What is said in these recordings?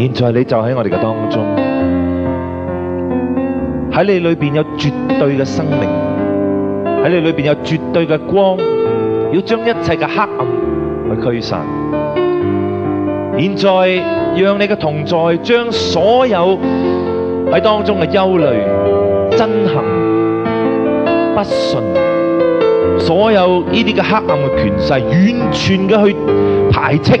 現在你就喺我哋嘅當中，喺你裏面有絕對嘅生命，喺你裏面有絕對嘅光，要將一切嘅黑暗去驅散。現在讓你嘅同在將所有喺當中嘅憂慮、憎恨、不順，所有呢啲嘅黑暗嘅權勢，完全嘅去排斥。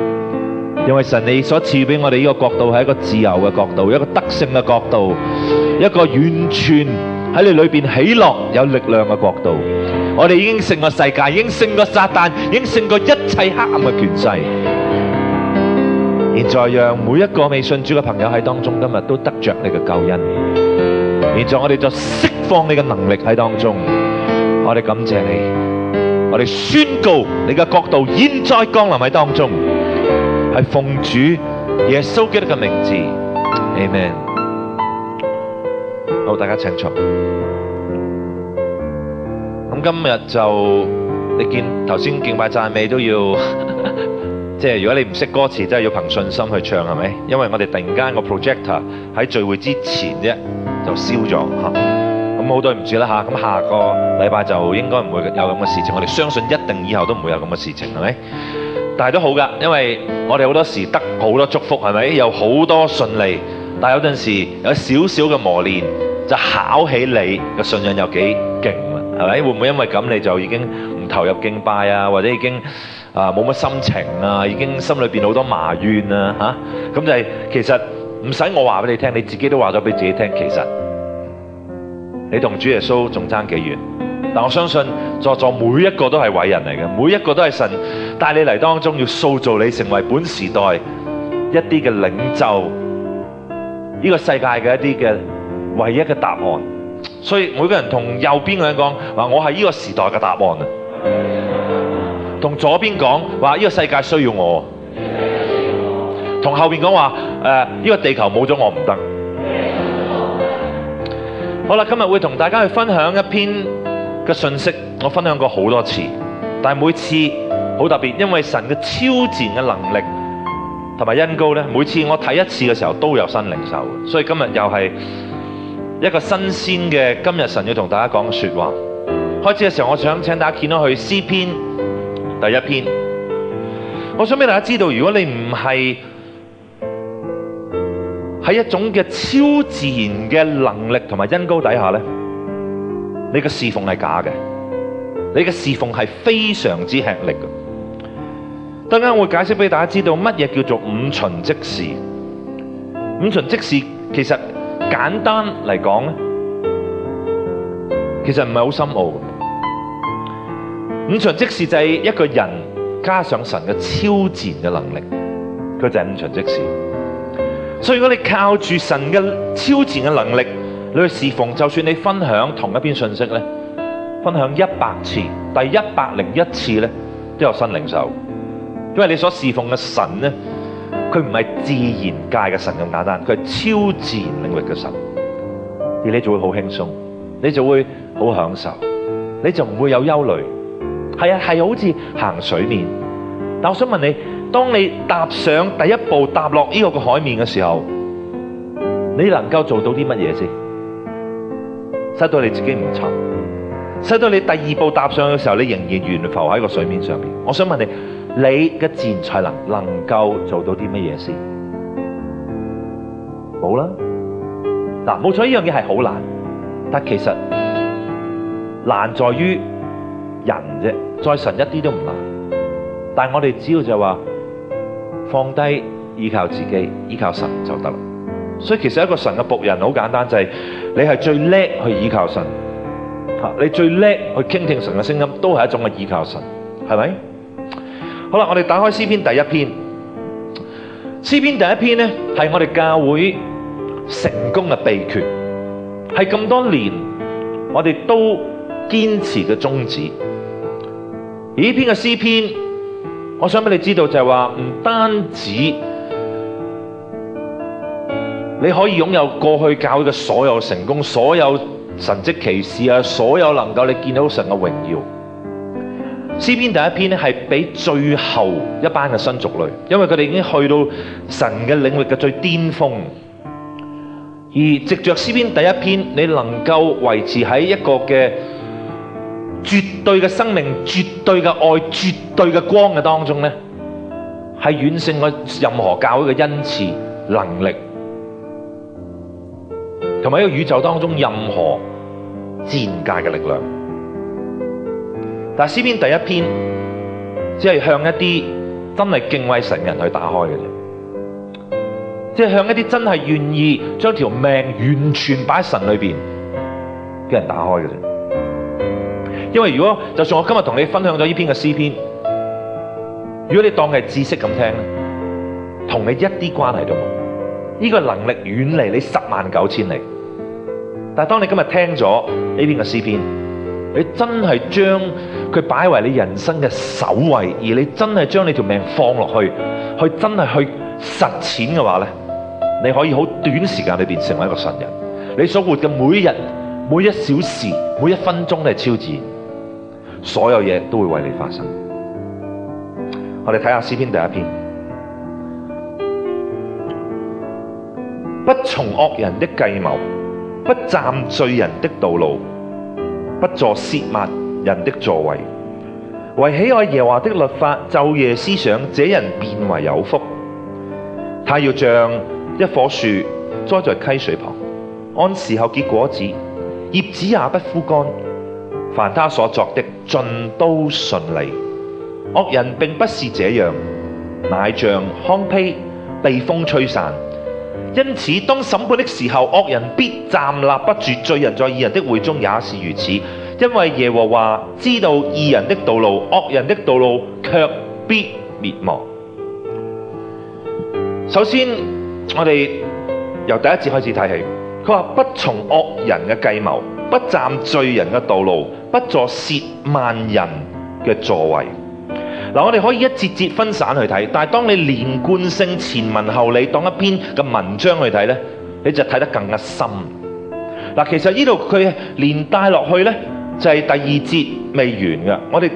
因為神你所賜俾我哋呢個國度係一個自由嘅國度，一個得勝嘅國度，一個完全喺你裏邊喜樂有力量嘅國度。我哋已經勝過世界，已經勝過撒旦，已經勝過一切黑暗嘅權勢。現在讓每一個未信主嘅朋友喺當中，今日都得着你嘅救恩。現在我哋就釋放你嘅能力喺當中，我哋感謝你，我哋宣告你嘅國度現在降臨喺當中。係奉主耶穌基督嘅名字，amen。好、哦，大家請坐。咁今日就你見頭先敬拜讚美都要， 即係如果你唔識歌詞，真係要憑信心去唱，係咪？因為我哋突然間個 projector 喺聚會之前啫就燒咗，吓，咁好對唔住啦吓。咁、啊、下個禮拜就應該唔會有咁嘅事情，我哋相信一定以後都唔會有咁嘅事情，係咪？但係都好噶，因為我哋好多時得好多祝福，係咪？有好多順利，但係有陣時有少少嘅磨練，就考起你嘅信仰有幾勁係，係咪？會唔會因為咁你就已經唔投入敬拜啊，或者已經啊冇乜心情啊，已經心裏邊好多埋怨呀？吓、啊，咁就係其實唔使我話俾你聽，你自己都話咗俾自己聽，其實你同主耶穌仲差幾遠？但我相信在座每一個都係偉人嚟嘅，每一個都係神帶你嚟當中，要塑造你成為本時代一啲嘅領袖，呢個世界嘅一啲嘅唯一嘅答案。所以每個人同右邊嘅人講話，我係呢個時代嘅答案啊；同左邊講話，呢個世界需要我；同後邊講話，誒，呢個地球冇咗我唔得。好啦，今日會同大家去分享一篇嘅信息我分享過好多次，但係每次好特別，因為神嘅超自然嘅能力同埋恩膏咧，每次我睇一次嘅時候都有新領受，所以今日又係一個新鮮嘅今日神要同大家講嘅說話。開始嘅時候，我想請大家見到去詩篇第一篇，我想俾大家知道，如果你唔係，喺一種嘅超自然嘅能力同埋恩膏底下咧。你嘅侍奉係假嘅，你嘅侍奉係非常之吃力嘅。等陣我會解釋俾大家知道乜嘢叫做五旬即事。五旬即事其實簡單嚟講咧，其實唔係好深奧嘅。五旬即事就係一個人加上神嘅超自然嘅能力，佢就係五旬即事。所以如果你靠住神嘅超自然嘅能力。你去侍奉，就算你分享同一篇信息咧，分享一百次，第一百零一次咧，都有新領受，因為你所侍奉嘅神咧，佢唔係自然界嘅神咁簡單，佢係超自然領域嘅神，而你就會好輕鬆，你就會好享受，你就唔會有憂慮，係啊，係好似行水面，但我想問你，當你踏上第一步，踏落呢個海面嘅時候，你能夠做到啲乜嘢先？使到你自己唔沉，使到你第二步踏上嘅時候，你仍然懸浮喺個水面上面。我想問你，你嘅自然才能能夠做到啲乜嘢事？冇啦。嗱，冇錯，呢樣嘢係好難，但其實難在於人啫。在神一啲都唔難，但係我哋只要就話、是、放低，依靠自己，依靠神就得啦。所以其實一個神嘅僕人好簡單，就係、是、你係最叻去倚靠神，吓你最叻去傾聽神嘅聲音，都係一種嘅倚靠神，係咪？好啦，我哋打開詩篇第一篇。詩篇第一篇咧，係我哋教會成功嘅秘訣，係咁多年我哋都堅持嘅宗旨。而呢篇嘅詩篇，我想俾你知道就係話，唔單止。你可以擁有過去教會嘅所有成功、所有神蹟奇事，啊，所有能夠你見到神嘅榮耀。詩篇第一篇咧係俾最後一班嘅新族類，因為佢哋已經去到神嘅領域嘅最巔峰。而藉著詩篇第一篇，你能夠維持喺一個嘅絕對嘅生命、絕對嘅愛、絕對嘅光嘅當中呢，是遠勝過任何教會嘅恩賜能力。同埋呢個宇宙當中任何自然界嘅力量，但係詩篇第一篇只係向一啲真係敬畏神嘅人去打開嘅啫，即係向一啲真係願意將條命完全擺喺神裏邊嘅人打開嘅啫。因為如果就算我今日同你分享咗呢篇嘅詩篇，如果你當係知識咁聽，同你一啲關係都冇，呢個能力遠離你十萬九千里。但係當你今日聽咗呢邊嘅詩篇，你真係將佢擺為你人生嘅首位，而你真係將你條命放落去，去真係去實踐嘅話呢，你可以好短時間裏邊成為一個神人。你所活嘅每一日、每一小時、每一分鐘都係超自然，所有嘢都會為你發生。我哋睇下詩篇第一篇，不從惡人的計謀，不站罪人的道路，不坐褻慢人的座位，惟喜愛耶華的律法，晝夜思想，這人變為有福。他要像一棵樹栽在溪水旁，按時候結果子，葉子也不枯乾。凡他所作的，盡都順利。惡人並不是這樣，乃像糠秕被風吹散。因此，當審判的時候，惡人必站立不住，罪人在義人的會中也是如此。因為耶和華知道義人的道路，惡人的道路卻必滅亡。首先，我哋由第一節開始睇起。佢話不從惡人嘅計謀，不站罪人嘅道路，不坐褻慢人嘅座位。嗱，我哋可以一節節分散去睇，但係當你連貫性前文後理當一篇嘅文章去睇咧，你就睇得更加深。嗱，其實呢度佢連帶落去咧，就係第二節未完噶。我哋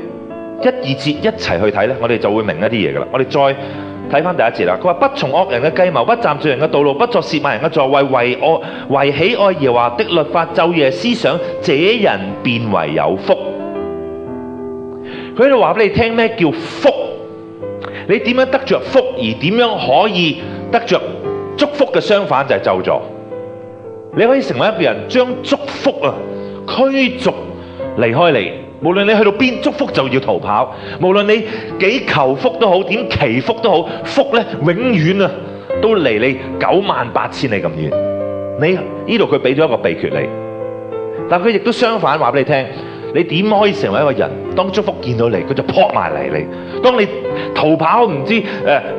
一、二節一齊去睇咧，我哋就會明一啲嘢噶啦。我哋再睇翻第一節啦。佢話不從惡人嘅計謀，不站罪人嘅道路，不坐褻慢人嘅座位，為愛為喜愛耶和華的律法，晝夜思想，這人便為有福。佢喺度話俾你聽咩叫福？你點樣得著福而點樣可以得著祝福嘅相反就係、是、咒詛。你可以成為一個人將祝福啊驅逐離開你。無論你去到邊，祝福就要逃跑。無論你幾求福都好，點祈福都好，福咧永遠啊都離你九萬八千里咁遠。你呢度佢俾咗一個秘訣你，但佢亦都相反話俾你聽。你點可以成為一個人？當祝福見到你，佢就撲埋嚟你；當你逃跑唔知誒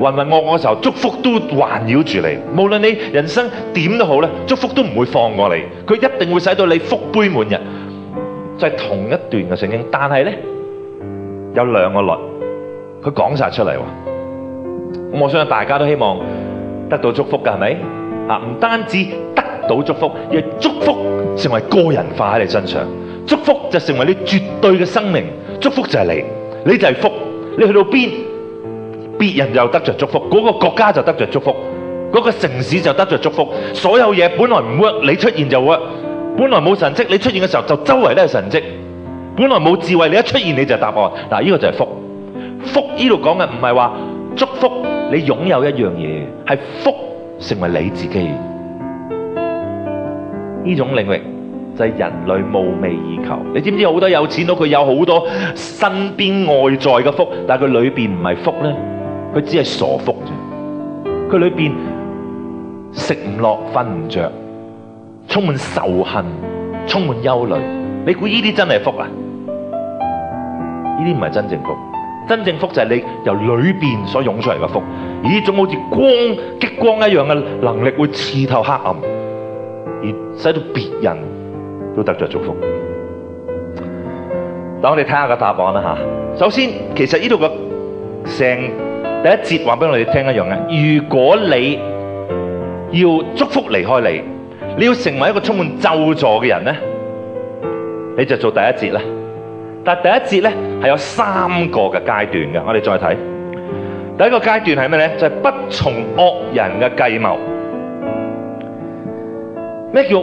渾渾噩噩嘅時候，祝福都環繞住你。無論你人生點都好咧，祝福都唔會放過你，佢一定會使到你福杯滿溢。就係同一段嘅聖經，但係呢有兩個律，佢講晒出嚟喎。咁我相信大家都希望得到祝福㗎，係咪？啊，唔單止得到祝福，要祝福成為個人化喺你身上。祝福就成為你絕對嘅生命，祝福就係你，你就係福，你去到邊，別人又得着祝福，嗰個國家就得着祝福，嗰個城市就得着祝福，所有嘢本來唔 work，你出現就 work，本來冇神蹟，你出現嘅時候就周圍都係神蹟，本來冇智慧，你一出現你就答案，嗱呢個就係福，福呢度講嘅唔係話祝福，你擁有一樣嘢，係福成為你自己，呢種領域。就係、是、人類夢寐以求。你知唔知好多有錢佬，佢有好多身邊外在嘅福，但係佢裏邊唔係福咧，佢只係傻福啫。佢裏邊食唔落，瞓唔著，充滿仇恨，充滿憂慮。你估呢啲真係福啊？呢啲唔係真正福。真正福就係你由裏面所湧出嚟嘅福，而呢種好似光、激光一樣嘅能力，會刺透黑暗，而使到別人，都得咗祝福。等我哋睇下個答案啦吓，首先，其實呢度嘅成第一節話俾我哋聽一樣嘅。如果你要祝福離開你，你要成為一個充滿咒助嘅人咧，你就做第一節啦。但第一節咧係有三個嘅階段嘅，我哋再睇。第一個階段係咩咧？就係、是、不從惡人嘅計謀。咩叫？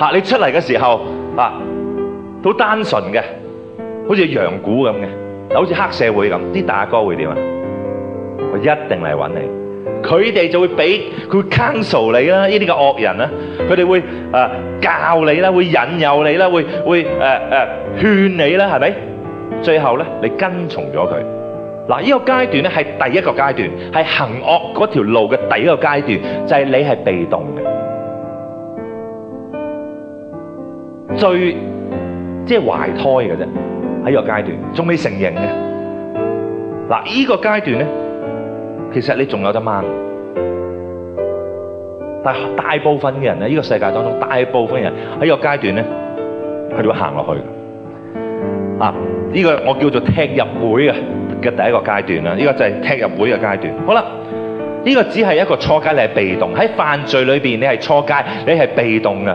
嚇！你出嚟嘅時候，嚇，好單純嘅，好似羊牯咁嘅，嗱，好似黑社會咁，啲大哥會點啊？我一定嚟搵你，佢哋就會俾佢 counsel 你啦，呢啲嘅惡人啦，佢哋會啊教你啦，會引誘你啦，會會誒誒勸你啦，係咪？最後咧，你跟從咗佢。嗱，呢個階段咧係第一個階段，係行惡嗰條路嘅第一個階段，就係你係被動嘅。最即係懷胎嘅啫，喺個階段仲未成型嘅。嗱，呢、這個階段咧，其實你仲有得挽。但係大部分嘅人咧，呢、這個世界當中，大部分嘅人喺個階段咧，係要行落去嘅啊，呢、這個我叫做踢入會啊，嘅第一個階段啊。呢、這個就係踢入會嘅階段。好啦，呢、這個只係一個初階，你係被動喺犯罪裏邊，你係初階，你係被動嘅。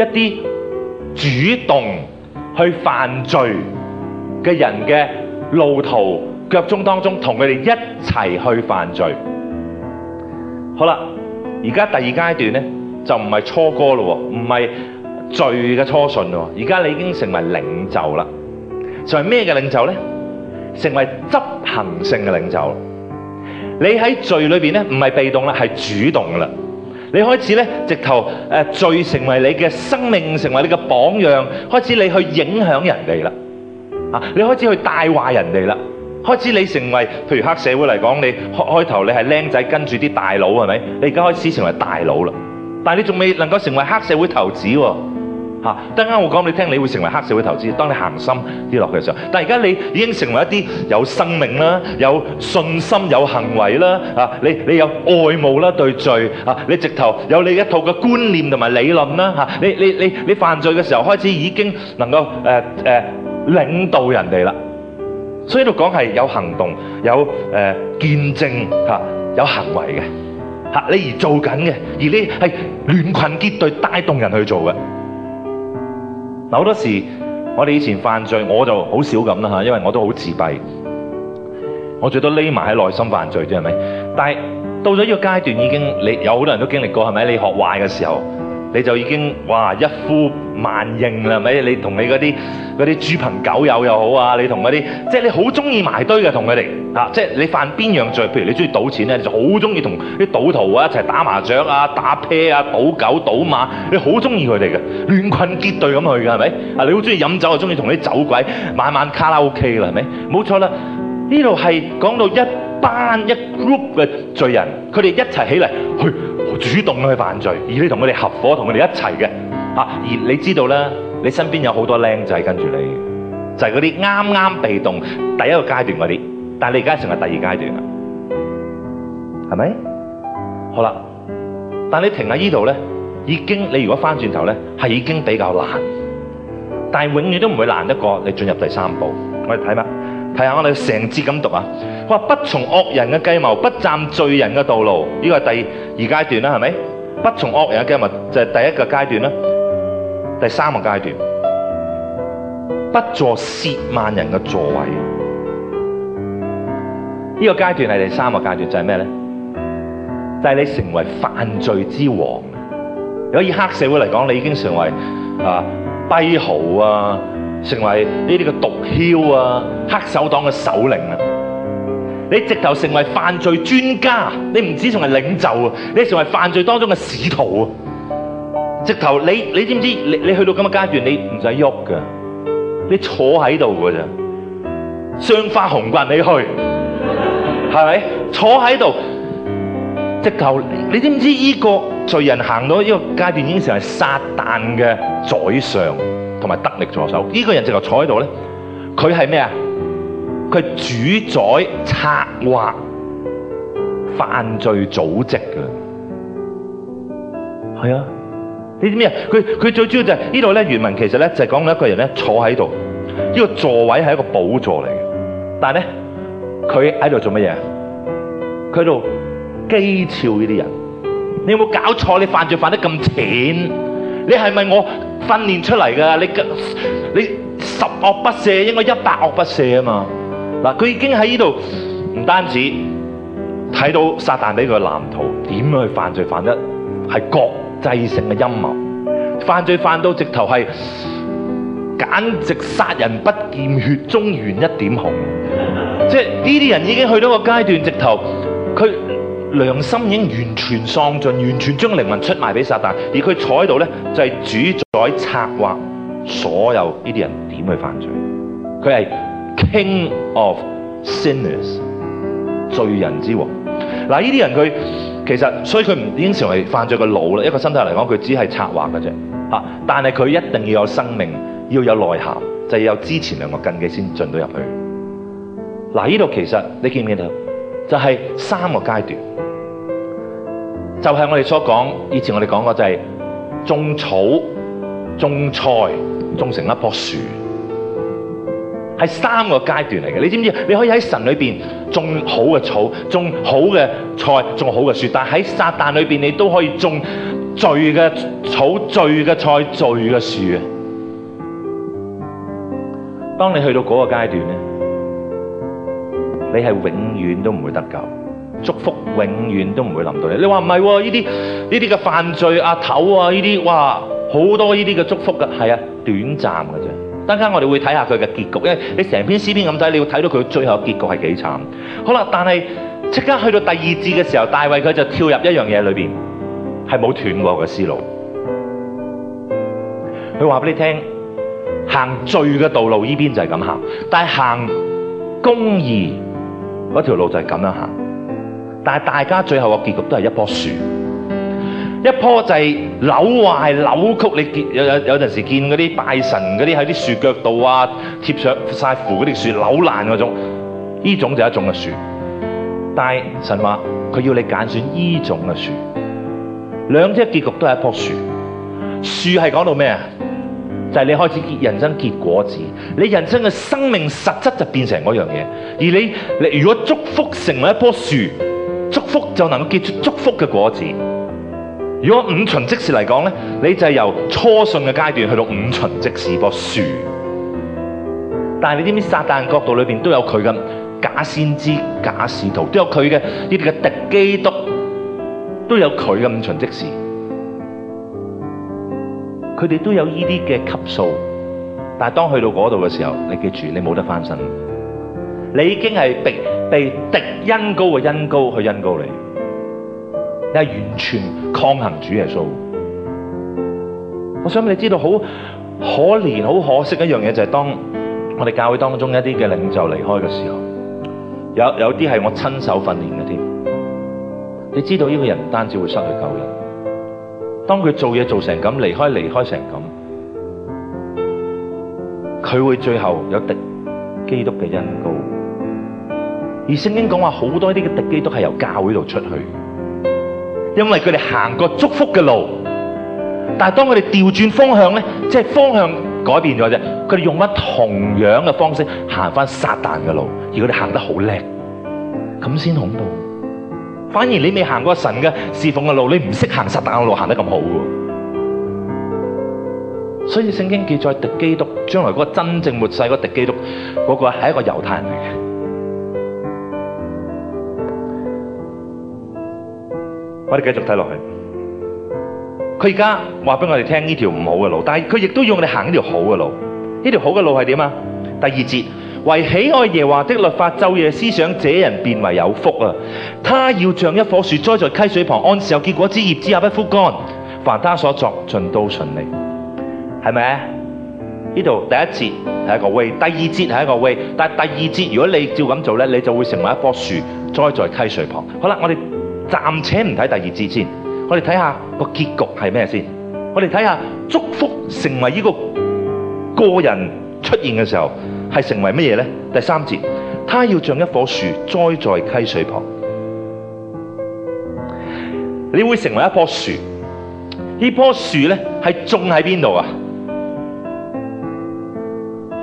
一啲主動去犯罪嘅人嘅路途腳蹤當中，同佢哋一齊去犯罪。好啦，而家第二階段呢，就唔係初哥咯，唔係罪嘅初信咯，而家你已經成為領袖啦。成為咩嘅領袖呢？成為執行性嘅領袖。你喺罪裏邊呢，唔係被動啦，係主動啦。你開始呢，直頭誒罪成為你嘅生命，成為你嘅榜樣，開始你去影響人哋了啊！你開始去帶壞人哋了，開始你成為譬如黑社會嚟講，你開開頭你係靚仔跟住啲大佬係咪？你而家開始成為大佬了，但你仲未能夠成為黑社會頭子喎。嚇！等陣我講你聽，你會成為黑社會投資。當你行深啲落去嘅時候，但而家你已經成為一啲有生命啦、有信心、有行為啦，嚇！你你有愛慕啦對罪，嚇！你直頭有你一套嘅觀念同埋理論啦，嚇！你你你你犯罪嘅時候開始已經能夠誒誒領導人哋啦。所以呢度講係有行動、有誒見證嚇、有行為嘅嚇，你而做緊嘅，而你係聯群結隊帶動人去做嘅。嗱好多時，我哋以前犯罪，我就好少咁啦，因為我都好自閉，我最多匿埋喺內心犯罪啫，係咪？但係到咗一個階段，已經你有好多人都經歷過，係咪？你學壞嘅時候。你就已經哇一呼萬應啦，咪你同你嗰啲嗰啲豬朋狗友又好、就是、啊，你同嗰啲即係你好中意埋堆嘅同佢哋即係你犯邊樣罪？譬如你中意賭錢咧，你就好中意同啲賭徒啊一齊打麻雀啊、打啤啊、賭狗賭馬，你好中意佢哋嘅，亂群結隊咁去㗎，係咪？啊，你好中意飲酒，就中意同啲酒鬼晚晚卡拉 OK 啦，係咪？冇錯啦，呢度係講到一班一 group 嘅罪人，佢哋一齊起嚟去。主動去犯罪，而你同佢哋合夥，同佢哋一齊嘅嚇。而你知道咧，你身邊有好多靚仔跟住你，就係嗰啲啱啱被動第一個階段嗰啲，但係你而家成為第二階段啦，係咪？好啦，但你停喺呢度咧，已經你如果翻轉頭咧，係已經比較難，但係永遠都唔會難得過你進入第三步。我哋睇下，睇下我哋成節咁讀啊！不從惡人嘅計謀，不站罪人嘅道路，呢個係第二階段啦，係咪？不從惡人嘅計謀就係、是、第一個階段啦。第三個階段，不坐褻慢人嘅座位。呢、這個階段係第三個階段，就係咩咧？就係、是、你成為犯罪之王。如果以黑社會嚟講，你已經成為啊跛豪啊，成為呢啲嘅毒梟啊，黑手黨嘅首領啊。你直頭成為犯罪專家，你唔止成為領袖啊，你成為犯罪當中嘅使徒啊！直頭，你你知唔知？你你去到咁嘅階段，你唔使喐噶，你坐喺度噶咋？雙花紅棍你去，係 咪？坐喺度，直頭你，你知唔知？依個罪人行到呢個階段已經成為撒旦嘅宰相同埋得力助手，呢、這個人直頭坐喺度咧，佢係咩啊？佢主宰策劃犯罪組織嘅，係啊！你知咩啊？佢佢最主要就係、是、呢度咧。原文其實咧就係、是、講一個人咧坐喺度，呢、這個座位係一個寶座嚟嘅。但係咧，佢喺度做乜嘢？佢喺度譏笑呢啲人。你有冇搞錯？你犯罪犯得咁淺？你係咪我訓練出嚟㗎？你你十惡不赦，應該一百惡不赦啊嘛！嗱，佢已經喺呢度，唔單止睇到撒旦俾佢嘅藍圖，點去犯罪犯得係國際性嘅陰謀，犯罪犯到直頭係，簡直殺人不見血，中原一點紅，即係呢啲人已經去到個階段，直頭佢良心已經完全喪盡，完全將靈魂出賣俾撒旦。而佢坐喺度呢，就係主宰策劃所有呢啲人點去犯罪，佢係。King of Sinners，罪人之王。嗱，呢啲人佢其實，所以佢唔已經成為犯罪嘅腦啦。一個身體嚟講，佢只係策劃嘅啫。吓、啊，但係佢一定要有生命，要有內涵，就是、要有之前兩個根基先進到入去。嗱、啊，呢度其實你記唔記得？就係、是、三個階段，就係、是、我哋所講，以前我哋講過，就係種草、種菜、種成一棵樹。係三個階段嚟嘅，你知唔知？你可以喺神裏邊種好嘅草、種好嘅菜、種好嘅樹，但喺撒旦裏邊你都可以種罪嘅草、罪嘅菜、罪嘅樹啊！當你去到嗰個階段咧，你係永遠都唔會得救，祝福永遠都唔會臨到你。你話唔係喎？依啲依啲嘅犯罪啊頭啊呢啲，哇好多呢啲嘅祝福噶、啊，係啊，短暫嘅啫。陣間我哋會睇下佢嘅結局，因為你成篇詩篇咁睇，你要睇到佢最後結局係幾慘。好啦，但係即刻去到第二節嘅時候，大衛佢就跳入一樣嘢裏邊，係冇斷過嘅思路。佢話俾你聽，行罪嘅道路呢邊就係咁行，但係行公義嗰條路就係咁樣行。但係大家最後嘅結局都係一樖樹。一棵就係扭壞扭曲，你見有有有陣時見嗰啲拜神嗰啲喺啲樹腳度啊，貼上晒符嗰啲樹扭爛嗰種，呢種就係一種嘅樹。但係神話佢要你揀選呢種嘅樹，兩隻結局都係一棵樹。樹係講到咩？就係、是、你開始結人生結果子，你人生嘅生命實質就變成嗰樣嘢。而你你如果祝福成為一棵樹，祝福就能夠結出祝福嘅果子。如果五旬即時嚟講咧，你就係由初信嘅階段去到五旬即時樖樹。但係你知唔知撒旦國度裏面都有佢嘅假先知、假使徒，都有佢嘅呢啲嘅敵基督，都有佢嘅五旬即時。佢哋都有呢啲嘅級數，但係當去到嗰度嘅時候，你記住你冇得翻身，你已經係被被敵恩膏嘅恩膏去恩膏你。你係完全抗衡主耶穌。我想俾你知道，好可憐、好可惜一樣嘢就係當我哋教會當中一啲嘅領袖離開嘅時候，有有啲係我親手訓練嘅添。你知道呢個人唔單止會失去救恩，當佢做嘢做成咁，離開離開成咁，佢會最後有敵基督嘅恩膏。而聖經講話好多啲嘅敵基督係由教會度出去。因為佢哋行過祝福嘅路，但係當佢哋調轉方向咧，即係方向改變咗啫，佢哋用乜同樣嘅方式行翻撒旦嘅路，而佢哋行得好叻，咁先恐怖。反而你未行過神嘅侍奉嘅路，你唔識行撒旦嘅路，行得咁好嘅。所以聖經記載，敵基督將來嗰個真正末世嗰個敵基督，嗰、那個係一個猶太人嚟嘅。我哋繼續睇落去，佢而家話俾我哋聽呢條唔好嘅路，但係佢亦都要我哋行呢條好嘅路。呢條好嘅路係點啊？第二節，為喜愛耶華的律法晝夜思想，這人變為有福啊！他要像一棵樹栽在溪水旁，按時有結果子，葉子也不枯乾。凡他所作，盡都順利，係咪？呢度第一節係一個 way，第二節係一個 way，但係第二節如果你照咁做呢，你就會成為一棵樹栽在溪水旁。好啦，我哋。暫且唔睇第二節先，我哋睇下個結局係咩先。我哋睇下祝福成為呢個個人出現嘅時候，係成為乜嘢咧？第三節，他要像一棵樹栽在溪水旁。你會成為一棵樹，這棵樹呢棵樹咧係種喺邊度啊？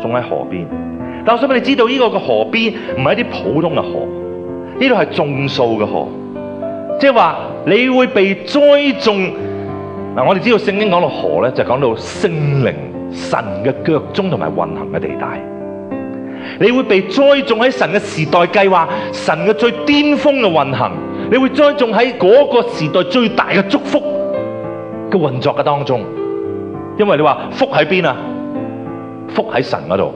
種喺河邊。但我想畀你知道呢、這個嘅河邊唔係一啲普通嘅河，呢度係種樹嘅河。即係話你會被栽種嗱、啊，我哋知道聖經講到河咧，就是、講到聖靈神嘅腳蹤同埋運行嘅地帶。你會被栽種喺神嘅時代計劃，神嘅最巔峰嘅運行，你會栽種喺嗰個時代最大嘅祝福嘅運作嘅當中。因為你話福喺邊啊？福喺神嗰度，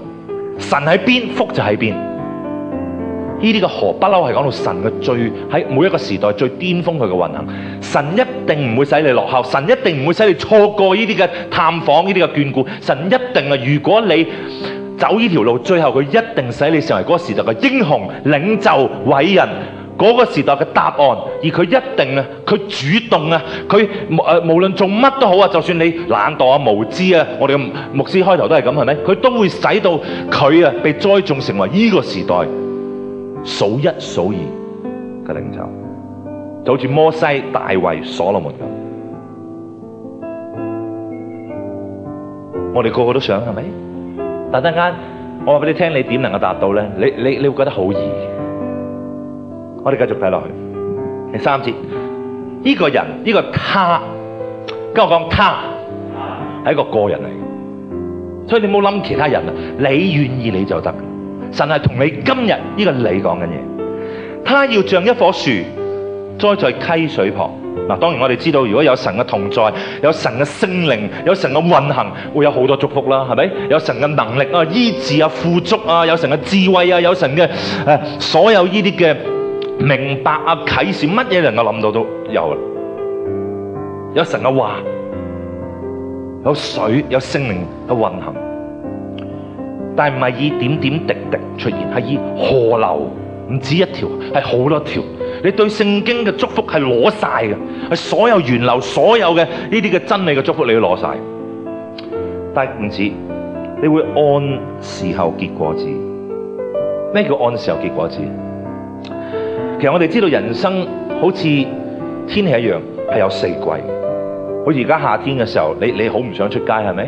神喺邊，福就喺邊。呢啲嘅河不嬲，係講到神嘅最喺每一個時代最巔峰佢嘅運行。神一定唔會使你落後，神一定唔會使你錯過呢啲嘅探訪、呢啲嘅眷顧。神一定啊！如果你走呢條路，最後佢一定使你成為嗰個時代嘅英雄、領袖、偉人。嗰個時代嘅答案，而佢一定啊，佢主動啊，佢誒，無論做乜都好啊，就算你懶惰啊、無知啊，我哋嘅牧師開頭都係咁係咪？佢都會使到佢啊，被栽種成為呢個時代。數一數二嘅領袖，就好似摩西、大衛、所羅門咁。我哋個個都想係咪？但陣間我話俾你聽，你點能夠達到咧？你你你會覺得好易。我哋繼續睇落去，第三節，呢、這個人呢、這個他，跟我講他係一個個人嚟嘅，所以你唔好諗其他人啦，你願意你就得。神係同你今日呢、這個你講嘅嘢，他要像一棵樹栽在溪水旁。嗱，當然我哋知道，如果有神嘅同在，有神嘅聖靈，有神嘅運行，會有好多祝福啦，係咪？有神嘅能力啊，醫治啊，富足啊，有神嘅智慧啊，有神嘅誒、啊，所有呢啲嘅明白啊，啟示乜嘢能夠諗到都有。有神嘅話，有水，有聖靈嘅運行。但係唔係以點點滴滴出現，係以河流，唔止一條，係好多條。你對聖經嘅祝福係攞晒嘅，係所有源流，所有嘅呢啲嘅真理嘅祝福，你都攞晒。但係唔止，你會按時候結果子。咩叫按時候結果子？其實我哋知道人生好似天氣一樣，係有四季。我而家夏天嘅時候，你你好唔想出街，係咪？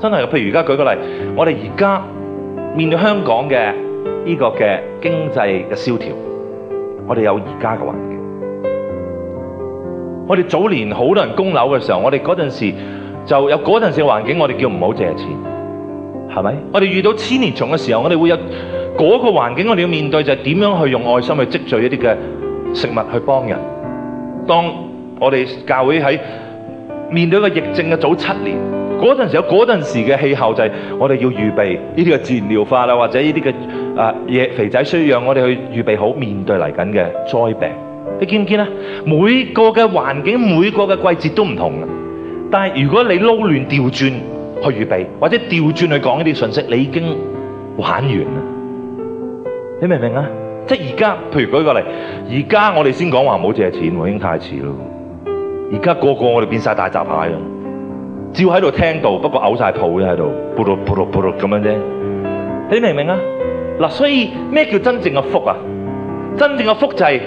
真係，譬如而家舉個例，我哋而家面對香港嘅呢個嘅經濟嘅蕭條，我哋有而家嘅環境。我哋早年好多人供樓嘅時候，我哋嗰陣時就有嗰陣時嘅環境，我哋叫唔好借錢，係咪？我哋遇到千年蟲嘅時候，我哋會有嗰個環境，我哋要面對就係點樣去用愛心去積聚一啲嘅食物去幫人。當我哋教會喺面對個疫症嘅早七年。嗰陣時有嗰陣時嘅氣候，就係我哋要預備呢啲嘅自然療法，啦，或者呢啲嘅嘢肥仔需要讓我哋去預備好面對嚟緊嘅災病。你見唔見啊？每個嘅環境、每個嘅季節都唔同啊。但係如果你撈亂調轉去預備，或者調轉去講呢啲信息，你已經玩完啦。你明唔明啊？即係而家，譬如舉個例，而家我哋先講話唔好借錢已經太遲咯。而家個個我哋變晒大閘蟹啊！照喺度聽到，不過嘔曬泡喺度，咁樣啫。你明唔明啊？嗱，所以咩叫真正嘅福啊？真正嘅福就係、是、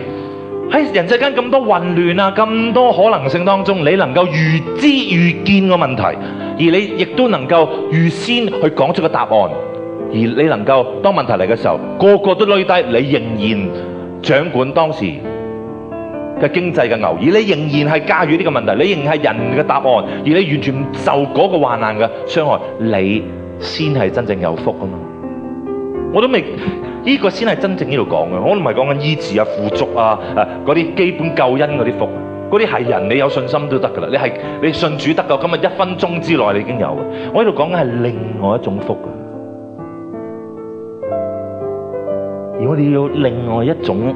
喺人世間咁多混亂啊、咁多可能性當中，你能夠預知預見個問題，而你亦都能夠預先去講出個答案，而你能夠當問題嚟嘅時候，個個都累低，你仍然掌管當時。嘅經濟嘅牛，而你仍然係駕馭呢個問題，你仍然係人嘅答案，而你完全唔受嗰個患難嘅傷害，你先係真正有福啊嘛！我都未，呢、這個先係真正呢度講嘅，我唔係講緊醫治啊、富足啊、誒嗰啲基本救恩嗰啲福，嗰啲係人你有信心都得噶啦，你係你信主得㗎。咁啊一分鐘之內你已經有，我呢度講緊係另外一種福啊！而我哋要另外一種。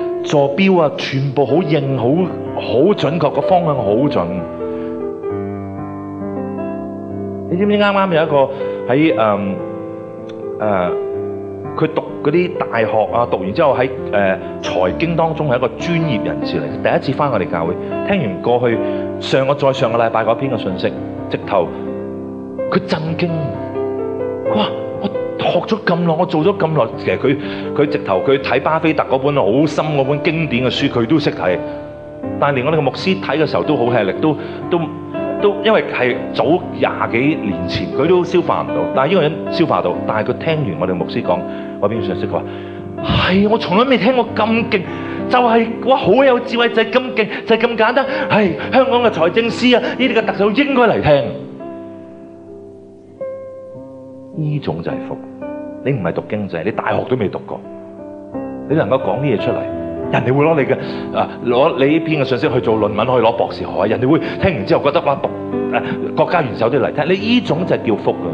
座標啊，全部好認，好好準確，個方向好準。你知唔知啱啱有一個喺誒誒，佢、呃呃、讀嗰啲大學啊，讀完之後喺、呃、財經當中係一個專業人士嚟。第一次翻我哋教會，聽完過去上個再上個禮拜嗰篇嘅信息，直頭佢震驚，哇！學咗咁耐，我做咗咁耐，其實佢佢直頭佢睇巴菲特嗰本好深嗰本經典嘅書，佢都識睇。但係連我哋個牧師睇嘅時候都好吃力，都都都因為係早廿幾年前，佢都消化唔到。但係呢個人消化到，但係佢聽完我哋牧師講嗰篇信息，佢話：係、哎、我從來未聽過咁勁，就係、是、哇好有智慧，就係咁勁，就係、是、咁簡單。係、哎、香港嘅財政司啊，呢啲嘅特首應該嚟聽。呢種就係福。你唔係讀經濟，你大學都未讀過，你能夠講啲嘢出嚟，人哋會攞你嘅，啊，攞你呢篇嘅信息去做論文，可以攞博士學位，人哋會聽完之後覺得哇，讀，誒，國家元首都嚟聽，你呢種就係叫福啊！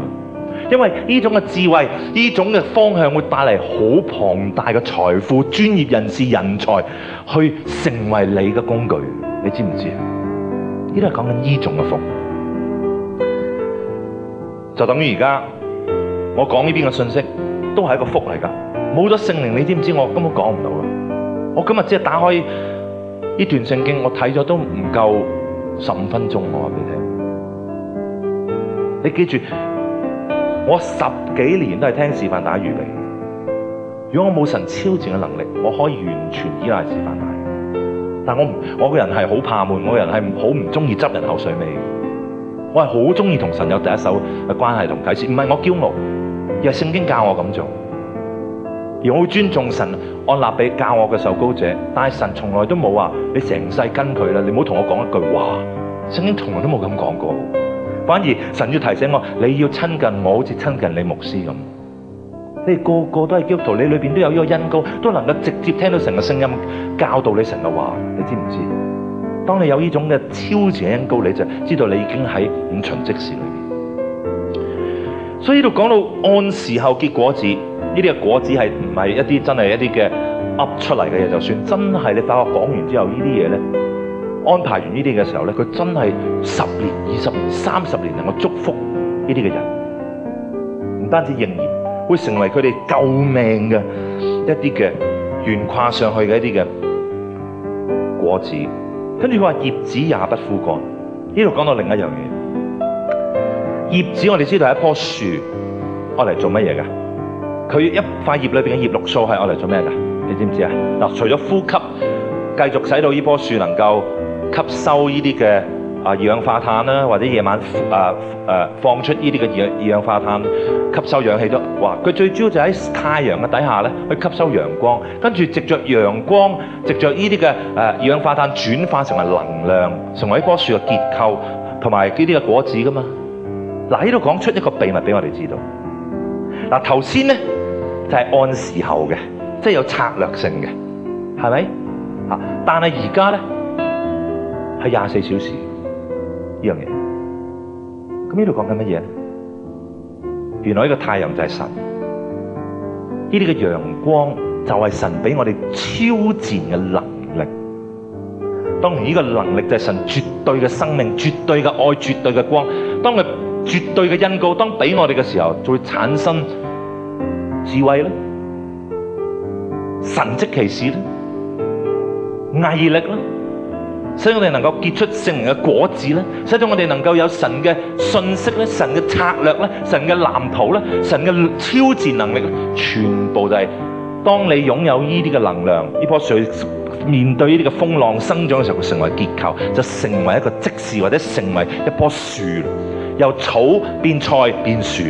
因為呢種嘅智慧，呢種嘅方向會帶嚟好龐大嘅財富，專業人士人才去成為你嘅工具，你知唔知啊？呢度係講緊呢種嘅福，就等於而家。我講呢邊嘅信息都係一個福嚟噶，冇咗聖靈，你知唔知我根本講唔到噶？我今日只係打開呢段聖經，我睇咗都唔夠十五分鐘，我話俾你聽。你記住，我十幾年都係聽示範打預備。如果我冇神超前嘅能力，我可以完全依賴示範打。但我我個人係好怕悶，我個人係好唔中意執人口水尾，我係好中意同神有第一手嘅關係同啟示。唔係我驕傲。若聖經教我咁做，而我好尊重神，按立畀教我嘅受膏者。但係神從來都冇話你成世跟佢啦，你唔好同我講一句話。聖經從來都冇咁講過，反而神要提醒我，你要親近我，好似親近你牧師咁。你個個都係基督徒，你裏邊都有呢個恩膏，都能夠直接聽到神嘅聲音，教導你神嘅話。你知唔知道？當你有呢種嘅超前恩膏，你就知道你已經喺五旬即時。所以呢度講到按時候結果子，呢啲嘅果子係唔係一啲真係一啲嘅噏出嚟嘅嘢就算真的，真係你大學講完之後，這些東西呢啲嘢咧安排完呢啲嘅時候咧，佢真係十年、二十年、三十年能夠祝福呢啲嘅人，唔單止仍然會成為佢哋救命嘅一啲嘅原跨上去嘅一啲嘅果子。跟住佢話葉子也不枯乾，呢度講到另一樣嘢。葉子我哋知道係一棵樹，我嚟做乜嘢㗎？佢一塊葉裏面嘅葉綠素係我嚟做咩㗎？你知唔知啊？嗱，除咗呼吸，繼續使到呢棵樹能夠吸收呢啲嘅啊二氧化碳啦，或者夜晚啊，啊放出呢啲嘅氧二氧化碳，吸收氧氣都哇！佢最主要就喺太陽嘅底下咧，去吸收陽光，跟住藉著陽光，藉著呢啲嘅啊二氧化碳轉化成為能量，成為呢棵樹嘅結構同埋呢啲嘅果子噶嘛。嗱，呢度講出一個秘密俾我哋知道。嗱，頭先咧就係、是、按時候嘅，即、就、係、是、有策略性嘅，係咪？但係而家咧係廿四小時樣呢樣嘢。咁呢度講緊乜嘢咧？原來呢個太陽就係神，呢啲嘅陽光就係神俾我哋超自然嘅能力。當然，呢個能力就係神絕對嘅生命、絕對嘅愛、絕對嘅光。當佢絕對嘅恩膏當俾我哋嘅時候，就會產生智慧咧、神跡奇事咧、毅力咧，使我哋能夠結出聖靈嘅果子咧，使到我哋能夠有神嘅信息咧、神嘅策略咧、神嘅藍圖咧、神嘅超自然能力，全部就係當你擁有呢啲嘅能量，呢棵樹面對呢啲嘅風浪生長嘅時候，成為結構就成為一個即時或者成為一棵樹。由草變菜變樹，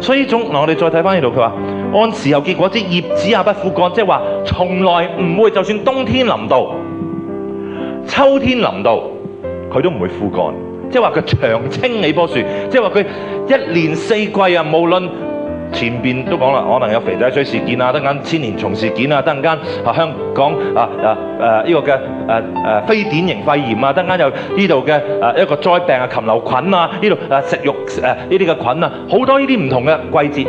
所以種我哋再睇翻呢度，佢話按時候結果之，葉子也不枯乾，即係話從來唔會，就算冬天臨到、秋天臨到，佢都唔會枯乾，即係話佢長青呢棵樹，即係話佢一年四季啊，無論。前邊都講啦，可能有肥仔水事件，事件啊，得間千年蟲事件啊，得間啊香港、這個、啊啊誒呢個嘅誒誒非典型肺炎啊，得間有呢度嘅誒一個災病啊禽流菌，啊，呢度食肉誒呢啲嘅菌啊，好、啊、多呢啲唔同嘅季節，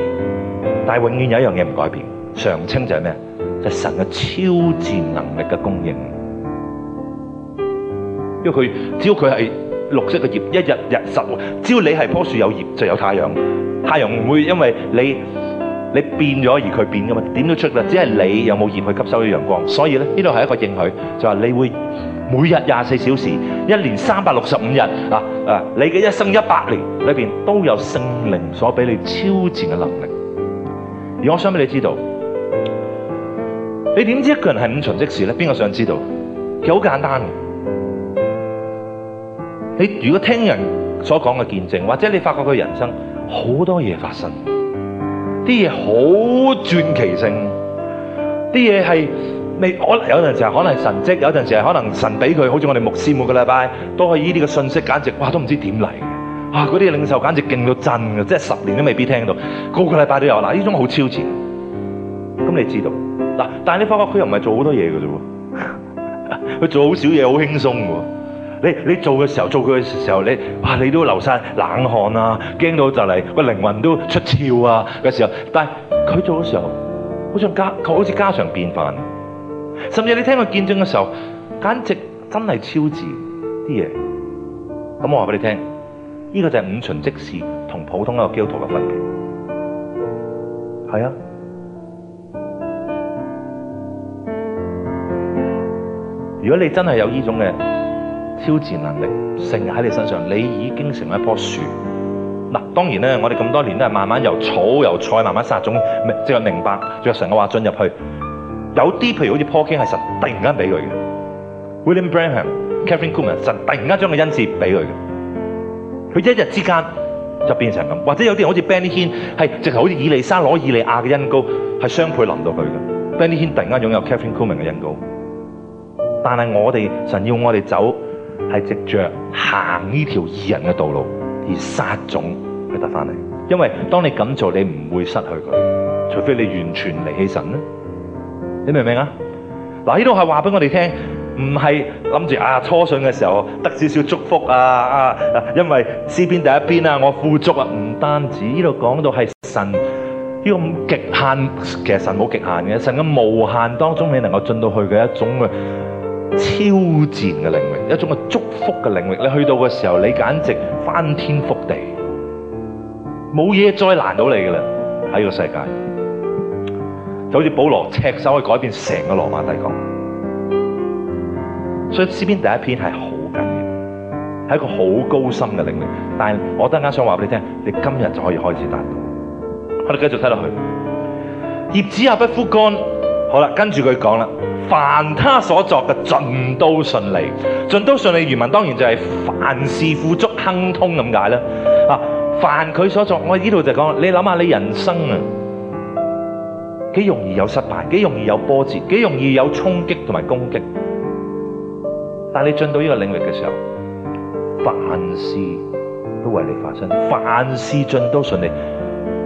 但係永遠有一樣嘢唔改變，常青，就係咩啊？就係，神嘅超自然能力嘅供應，因為佢只要佢係綠色嘅葉，一日日實活，只要你係棵樹有葉，就有太陽。太陽唔會因為你你變咗而佢變噶嘛？點都出噶，只係你有冇驗去吸收啲陽光。所以咧，呢度係一個應許，就話、是、你會每日廿四小時，一年三百六十五日，嗱誒，你嘅一生一百年裏面都有聖靈所俾你超自然嘅能力。而我想俾你知道，你點知一個人係五旬即時咧？邊個想知道？其實好簡單。你如果聽人所講嘅見證，或者你發覺佢人生，好多嘢發生，啲嘢好傳奇性，啲嘢係未可能有陣時係可能神蹟，有陣時係可能神俾佢，好似我哋牧師每個禮拜都係依啲嘅信息，簡直哇都唔知點嚟嘅，啊嗰啲領袖簡直勁到震嘅，即係十年都未必聽到，個個禮拜都有嗱，呢種好超前，咁你知道嗱，但係你發覺佢又唔係做好多嘢㗎啫喎，佢做好少嘢，好輕鬆嘅喎。你你做嘅時候，做佢嘅時候，你哇，你都流晒冷汗啊，驚到就嚟個靈魂都出竅啊嘅時候。但係佢做嘅時候，好似家，好似家常便飯。甚至你聽佢見證嘅時候，簡直真係超自然啲嘢。咁我話俾你聽，呢個就係五旬即時同普通一個基督徒嘅分別，係啊。如果你真係有呢種嘅，挑戰能力，成日喺你身上，你已經成為一棵樹。嗱，當然咧，我哋咁多年都係慢慢由草、由菜慢慢撒種，即係明白，接受成個話進入去。有啲譬如好似 Paul King 係神突然間俾佢嘅，William Branham、Kathryn Kuhlman 神突然間將個恩賜俾佢嘅，佢一日之間就變成咁。或者有啲人 Benny Hinn，是是好似 Benny Hinn 係直頭好似伊利莎攞伊利亞嘅恩膏係雙倍臨到佢嘅 Benny Hinn 突然間擁有 Kathryn Kuhlman 嘅恩膏。但係我哋神要我哋走。係藉著行呢條義人嘅道路而殺種去得翻嚟，因為當你咁做，你唔會失去佢，除非你完全離棄神咧。你明唔明啊？嗱，呢度係話俾我哋聽，唔係諗住啊，初信嘅時候得少少祝福啊啊，因為詩篇第一篇啊，我富足啊，唔單止呢度講到係神呢個極限，其實神冇極限嘅，神嘅無限當中你能夠進到去嘅一種嘅。超自然嘅領域，一種嘅祝福嘅領域，你去到嘅時候，你簡直翻天覆地，冇嘢再難到你嘅啦，喺呢個世界，就好似保羅赤手去改變成個羅馬帝國，所以詩篇第一篇係好緊要，係一個好高深嘅領域，但係我等下想話俾你聽，你今日就可以開始達到，我哋繼續睇落去，葉子也不枯乾。好啦，跟住佢講啦，凡他所作嘅盡都順利，盡都順利。原文當然就係凡事富足亨通咁解啦。啊，凡佢所作，我呢度就講，你諗下你人生啊，幾容易有失敗，幾容易有波折，幾容易有衝擊同埋攻擊。但你進到呢個領域嘅時候，凡事都為你發生，凡事盡都順利。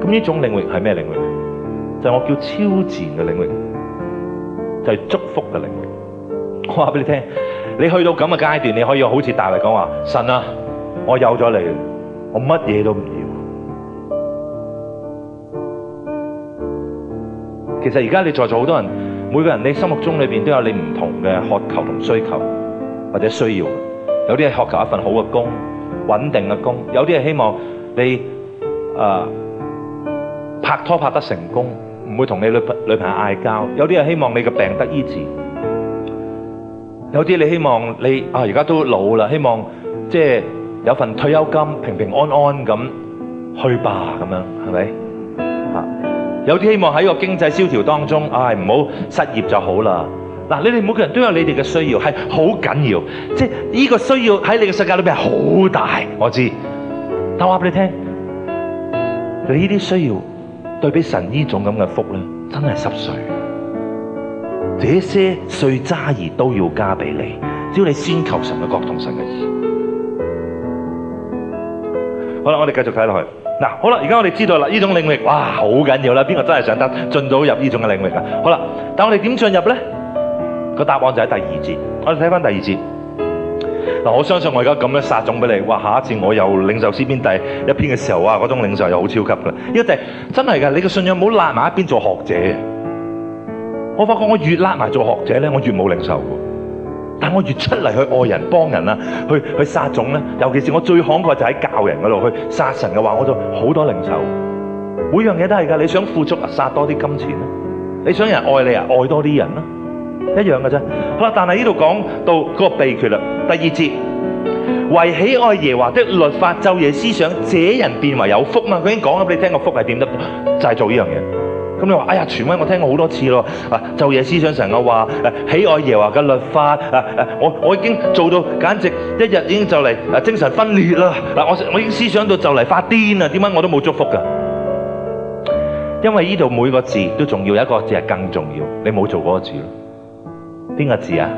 咁呢種領域係咩領域？就係我叫超自然嘅領域。就係、是、祝福嘅靈。我話俾你聽，你去到咁嘅階段，你可以好似大衛講話：神啊，我有咗你，我乜嘢都唔要。其實而家你在座好多人，每個人你心目中裏面都有你唔同嘅渴求同需求，或者需要。有啲係渴求一份好嘅工、穩定嘅工；有啲係希望你、啊、拍拖拍得成功。唔會同你女朋女朋友嗌交，有啲係希望你嘅病得醫治，有啲你希望你啊而家都老啦，希望即係有份退休金，平平安安咁去吧咁樣，係咪？有啲希望喺個經濟蕭條當中，唉唔好失業就好啦。嗱，你哋每個人都有你哋嘅需要，係好緊要，即係呢個需要喺你嘅世界裏邊係好大，我知。但我話俾你聽，你呢啲需要。對比神呢種咁嘅福咧，真係濕碎，這些碎渣兒都要加俾你,只要你先求神嘅國同神嘅義。好啦，我哋繼續睇落去。嗱，好啦，而家我哋知道啦，呢種領域哇，好緊要啦，邊個真係想得進到入呢種嘅領域啊？好啦，但係我哋點進入咧？個答案就喺第二節，我哋睇翻第二節。嗱，我相信我而家咁樣撒種俾你，哇！下一次我有領受詩篇第一篇嘅時候啊，嗰種領受又好超級嘅。一定真係㗎，你嘅信仰唔好拉埋一邊做學者。我發覺我越拉埋做學者咧，我越冇領受嘅。但我越出嚟去愛人幫人啦，去去撒種咧，尤其是我最慷慨就喺教人嗰度去撒神嘅話，我就好多領受。每樣嘢都係㗎，你想富足啊，撒多啲金錢啦；你想人愛你啊，愛多啲人啦。一樣嘅啫，好啦，但係呢度講到個秘訣啦。第二節，唯喜愛耶華的律法，晝夜思想，這人變為有福嘛。佢已經講咗俾你聽個福係點得，就係做呢樣嘢。咁你話，哎呀，全文我聽過好多次咯。啊，晝夜思想神嘅話，誒，喜愛耶華嘅律法，誒誒，我我已經做到簡直一日已經就嚟誒精神分裂啦。嗱，我我已經思想到就嚟發癲啦，點解我都冇祝福噶？因為呢度每個字都重要，有一個字係更重要，你冇做嗰個字咯。邊個字啊？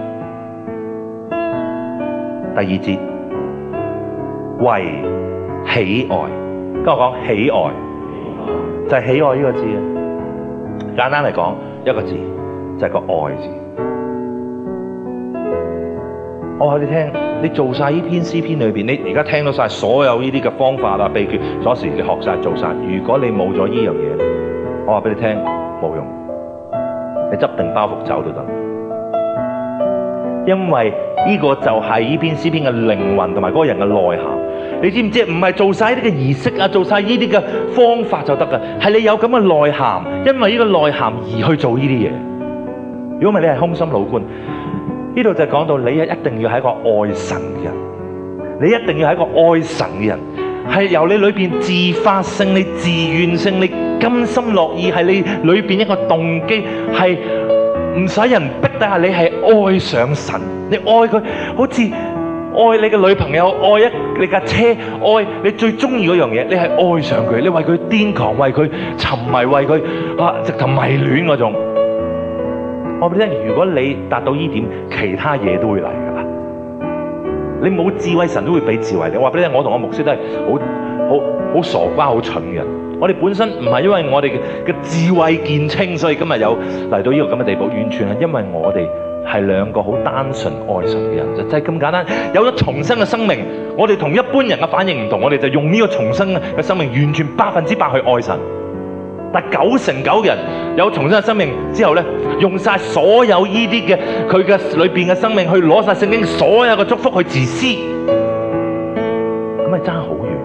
第二節為喜愛，跟我講喜愛，就係喜愛呢個字啊！簡單嚟講，一個字就係個愛字。我話你聽，你做晒呢篇詩篇裏邊，你而家聽到晒所有呢啲嘅方法啊、秘訣、鎖匙，你學晒做晒。如果你冇咗呢樣嘢，我話俾你聽，冇用。你執定包袱走就得。因為呢個就係呢篇詩篇嘅靈魂同埋嗰個人嘅內涵，你知唔知？唔係做晒呢啲嘅儀式啊，做晒呢啲嘅方法就得噶，係你有咁嘅內涵，因為呢個內涵而去做呢啲嘢。如果唔係你係空心老官，呢度就講到你一定要係一個愛神嘅人，你一定要係一個愛神嘅人，係由你裏邊自發性、你自願性、你甘心樂意，係你裏邊一個動機係。是唔使人逼底下，你係愛上神，你愛佢好似愛你嘅女朋友，愛一你架車，愛你最中意嗰樣嘢，你係愛上佢，你為佢癲狂，為佢沉迷，為佢啊直頭迷戀嗰種。我俾你聽，如果你達到呢點，其他嘢都會嚟噶。你冇智慧，神都會俾智慧你。我俾你聽，我同我牧師都係好好好傻瓜、好蠢嘅人。我哋本身唔係因為我哋嘅智慧見清，所以今日有嚟到呢個咁嘅地步，完全係因為我哋係兩個好單純愛神嘅人，就就係咁簡單。有咗重生嘅生命，我哋同一般人嘅反應唔同，我哋就用呢個重生嘅生命，完全百分之百去愛神。但係九成九嘅人有重生嘅生命之後呢，用晒所有呢啲嘅佢嘅裏面嘅生命去攞晒聖經所有嘅祝福去自私，咁係爭好遠。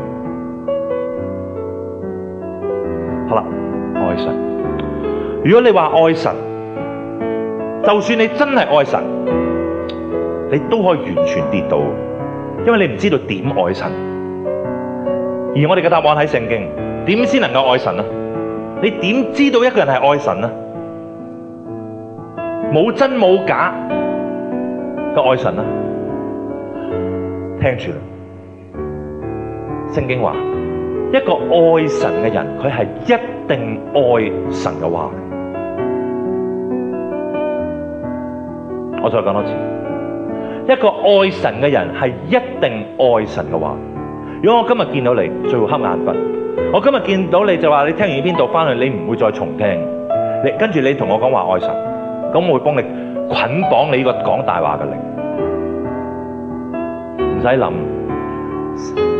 好啦，愛神。如果你話愛神，就算你真係愛神，你都可以完全跌倒，因為你唔知道點愛神。而我哋嘅答案喺聖經，點先能夠愛神啊？你點知道一個人係愛神啊？冇真冇假個愛神啊？聽住啦，聖經話。一個愛神嘅人，佢係一定愛神嘅話的。我再講多次，一個愛神嘅人係一定愛神嘅話的。如果我今日見到你，最會黑眼瞓；我今日見到你就話你聽完呢邊讀翻去，你唔會再重聽。你跟住你同我講話愛神，咁我會幫你捆綁你呢個講大話嘅靈，唔使諗。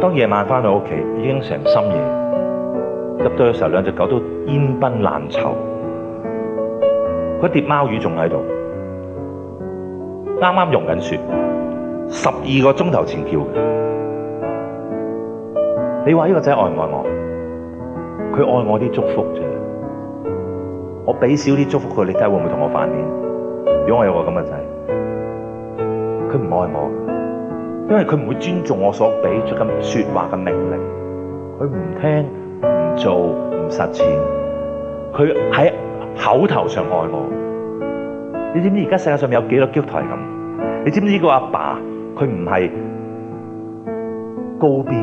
當夜晚返到屋企，已經成深夜入到嘅時候，兩隻狗都煙濛爛愁，佢碟貓魚仲喺度，啱啱融緊雪，十二個鐘頭前叫佢。你話呢個仔愛唔愛我？佢愛我啲祝福啫。我俾少啲祝福佢，你睇會唔會同我反面？如果我有個咁嘅仔，佢唔愛我。因為佢唔會尊重我所俾出咁說話嘅命令，佢唔聽唔做唔實踐，佢喺口頭上愛我。你知唔知而家世界上面有幾多基督徒係咁？你知唔知呢個阿爸佢唔係高 B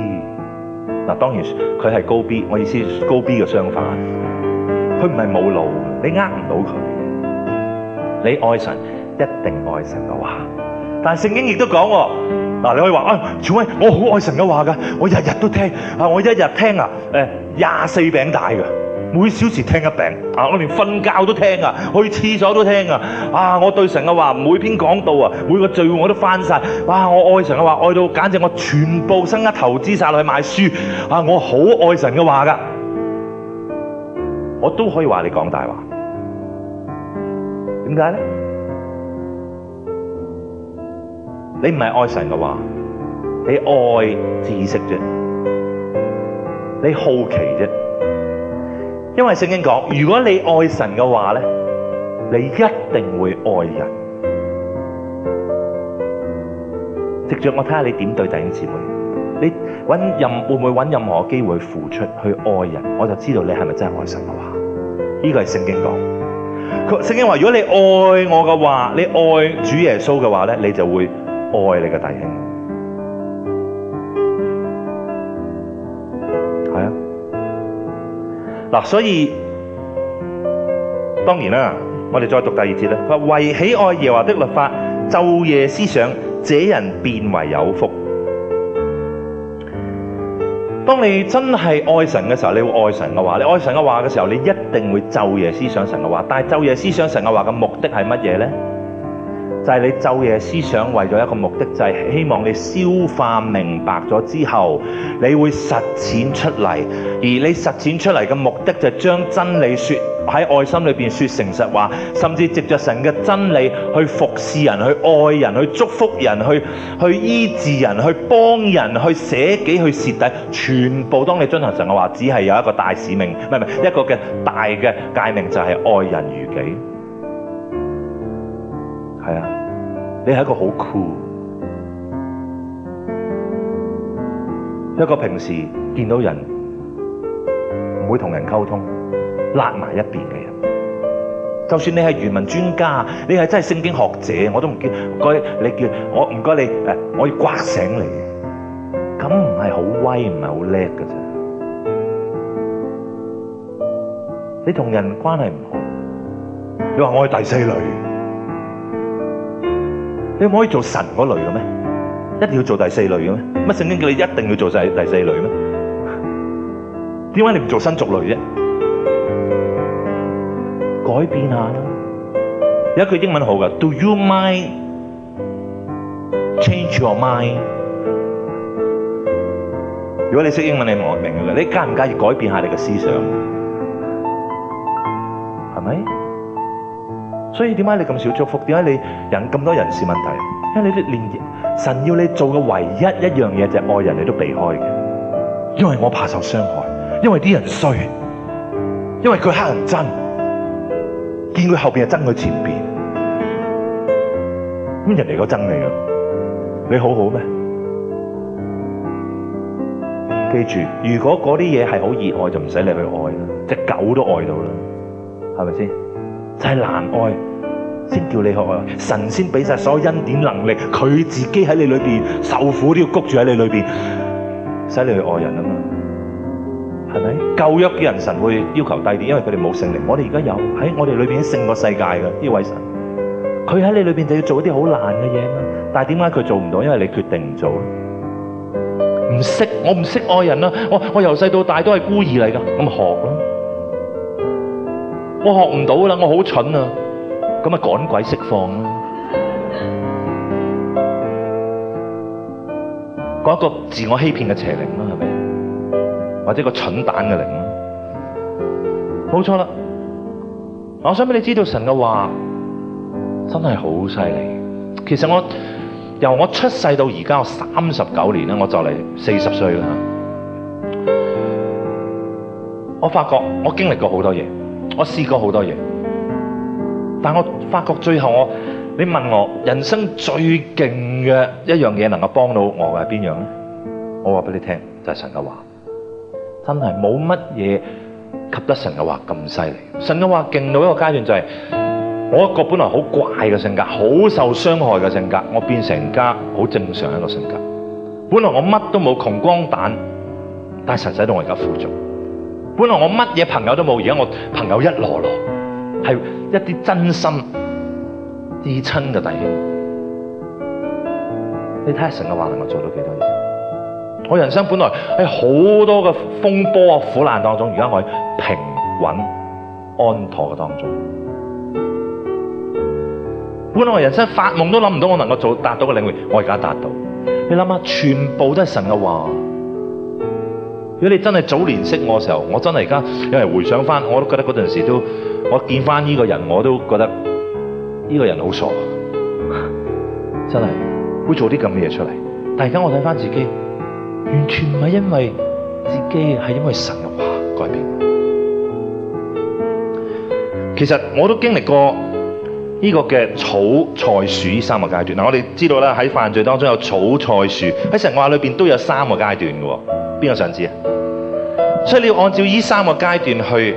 嗱？當然佢係高 B，我意思是高 B 嘅相反，佢唔係冇腦，你呃唔到佢。你愛神一定愛神嘅話，但係聖經亦都講。嗱，你可以話啊，小、哎、威，我好愛神嘅話噶，我日日都聽啊，我一日聽啊，誒廿四餅大嘅，每小時聽一餅啊，我連瞓覺都聽啊，去廁所都聽啊，啊，我對神嘅話每篇講道啊，每個聚會我都翻晒。哇、啊，我愛神嘅話愛到簡直我全部身家投資晒落去買書啊，我好愛神嘅話噶，我都可以話你講大話，點解咧？你唔係愛神嘅話，你愛知識啫，你好奇啫。因為聖經講，如果你愛神嘅話咧，你一定會愛人。直接我睇下你點對弟兄姊妹，你揾任會唔會揾任何機會付出去愛人，我就知道你係咪真係愛神嘅話。呢個係聖經講。聖經話，如果你愛我嘅話，你愛主耶穌嘅話咧，你就會。愛你嘅弟兄，係啊，嗱、啊，所以當然啦，我哋再讀第二節啦。佢話，為喜愛耶和華的律法，晝夜思想，這人便為有福。當你真係愛神嘅時候，你會愛神嘅話；你愛神嘅話嘅時候，你一定會晝夜思想神嘅話。但係晝夜思想神嘅話嘅目的係乜嘢呢？就係你晝夜思想，為咗一個目的，就係希望你消化明白咗之後，你會實踐出嚟。而你實踐出嚟嘅目的，就係將真理説，喺愛心裏面説誠實話，甚至藉著神嘅真理去服侍人、去愛人、去祝福人、去去醫治人、去幫人、去捨己去蝕底，全部當你遵行神嘅話，只係有一個大使命，唔係唔係一個嘅大嘅誡命，就係愛人如己。係啊，你係一個好酷。一個平時見到人唔會同人溝通，甩埋一邊嘅人。就算你係原文專家，你係真係聖經學者，我都唔叫，唔該你叫，我唔該你，誒，我要刮醒你。咁唔係好威，唔係好叻嘅啫。你同人關係唔好，你話我係第四類。你唔可以做神嗰類嘅咩？一定要做第四類嘅咩？乜聖經叫你一定要做晒第四類咩？點解你唔做新族類啫？改變下啦！有一句英文好㗎，Do you mind change your mind？如果你識英文，你唔明嘅。你介唔介意改變下你嘅思想？係咪？所以點解你咁少祝福？點解你引咁多人事問題？因為你啲連神要你做嘅唯一一樣嘢就係愛人，你都避開嘅。因為我怕受傷害，因為啲人衰，因為佢黑人憎，見佢後邊又憎佢前邊。咁人哋都憎你㗎，你好好咩？記住，如果嗰啲嘢係好熱愛，就唔使你去愛啦。隻狗都愛到啦，係咪先？就係、是、難愛，先叫你學愛。神先俾晒所有恩典能力，佢自己喺你裏邊受苦都要谷住喺你裏邊，使你去愛人啊嘛，係咪？舊約嘅人神會要求低啲，因為佢哋冇聖靈，我哋而家有喺、哎、我哋裏邊勝過世界噶呢位神，佢喺你裏邊就要做一啲好難嘅嘢嘛，但係點解佢做唔到？因為你決定唔做咯，唔識，我唔識愛人啊，我我由細到大都係孤兒嚟噶，咁咪學咯。我學唔到啦，我好蠢啊！咁咪趕鬼釋放啦，嗰一個自我欺騙嘅邪靈啦，係咪？或者個蠢蛋嘅靈啦，冇錯啦！我想俾你知道神嘅話真係好犀利。其實我由我出世到而家，我三十九年啦，我就嚟四十歲啦。我發覺我經歷過好多嘢。我試過好多嘢，但我發覺最後我，你問我人生最勁嘅一樣嘢能夠幫到我係邊樣咧？我話俾你聽就係、是、神嘅話，真係冇乜嘢及得神嘅話咁犀利。神嘅話勁到一個階段就係、是，我一個本來好怪嘅性格，好受傷害嘅性格，我變成家好正常一個性格。本來我乜都冇，窮光蛋，但係神使到我而家富足。本來我乜嘢朋友都冇，而家我朋友一籮籮，係一啲真心至親嘅弟兄。你睇下神嘅話，能夠做到幾多嘢？我人生本來喺好多嘅風波、苦難當中，而家我喺平穩安妥嘅當中。本來我人生發夢都諗唔到我能夠做達到嘅領域，我而家達到。你諗下，全部都係神嘅話。如果你真係早年識我嘅時候，我真係而家有人回想翻，我都覺得嗰陣時都，我見翻呢個人我都覺得呢個人好傻，啊，真係會做啲咁嘅嘢出嚟。但係而家我睇翻自己，完全唔係因為自己，係因為神嘅話改變。其實我都經歷過呢個嘅草、菜、樹呢三個階段。嗱，我哋知道啦，喺犯罪當中有草、菜、樹，喺神話裏邊都有三個階段嘅喎。邊個神子啊？所以你要按照依三個階段去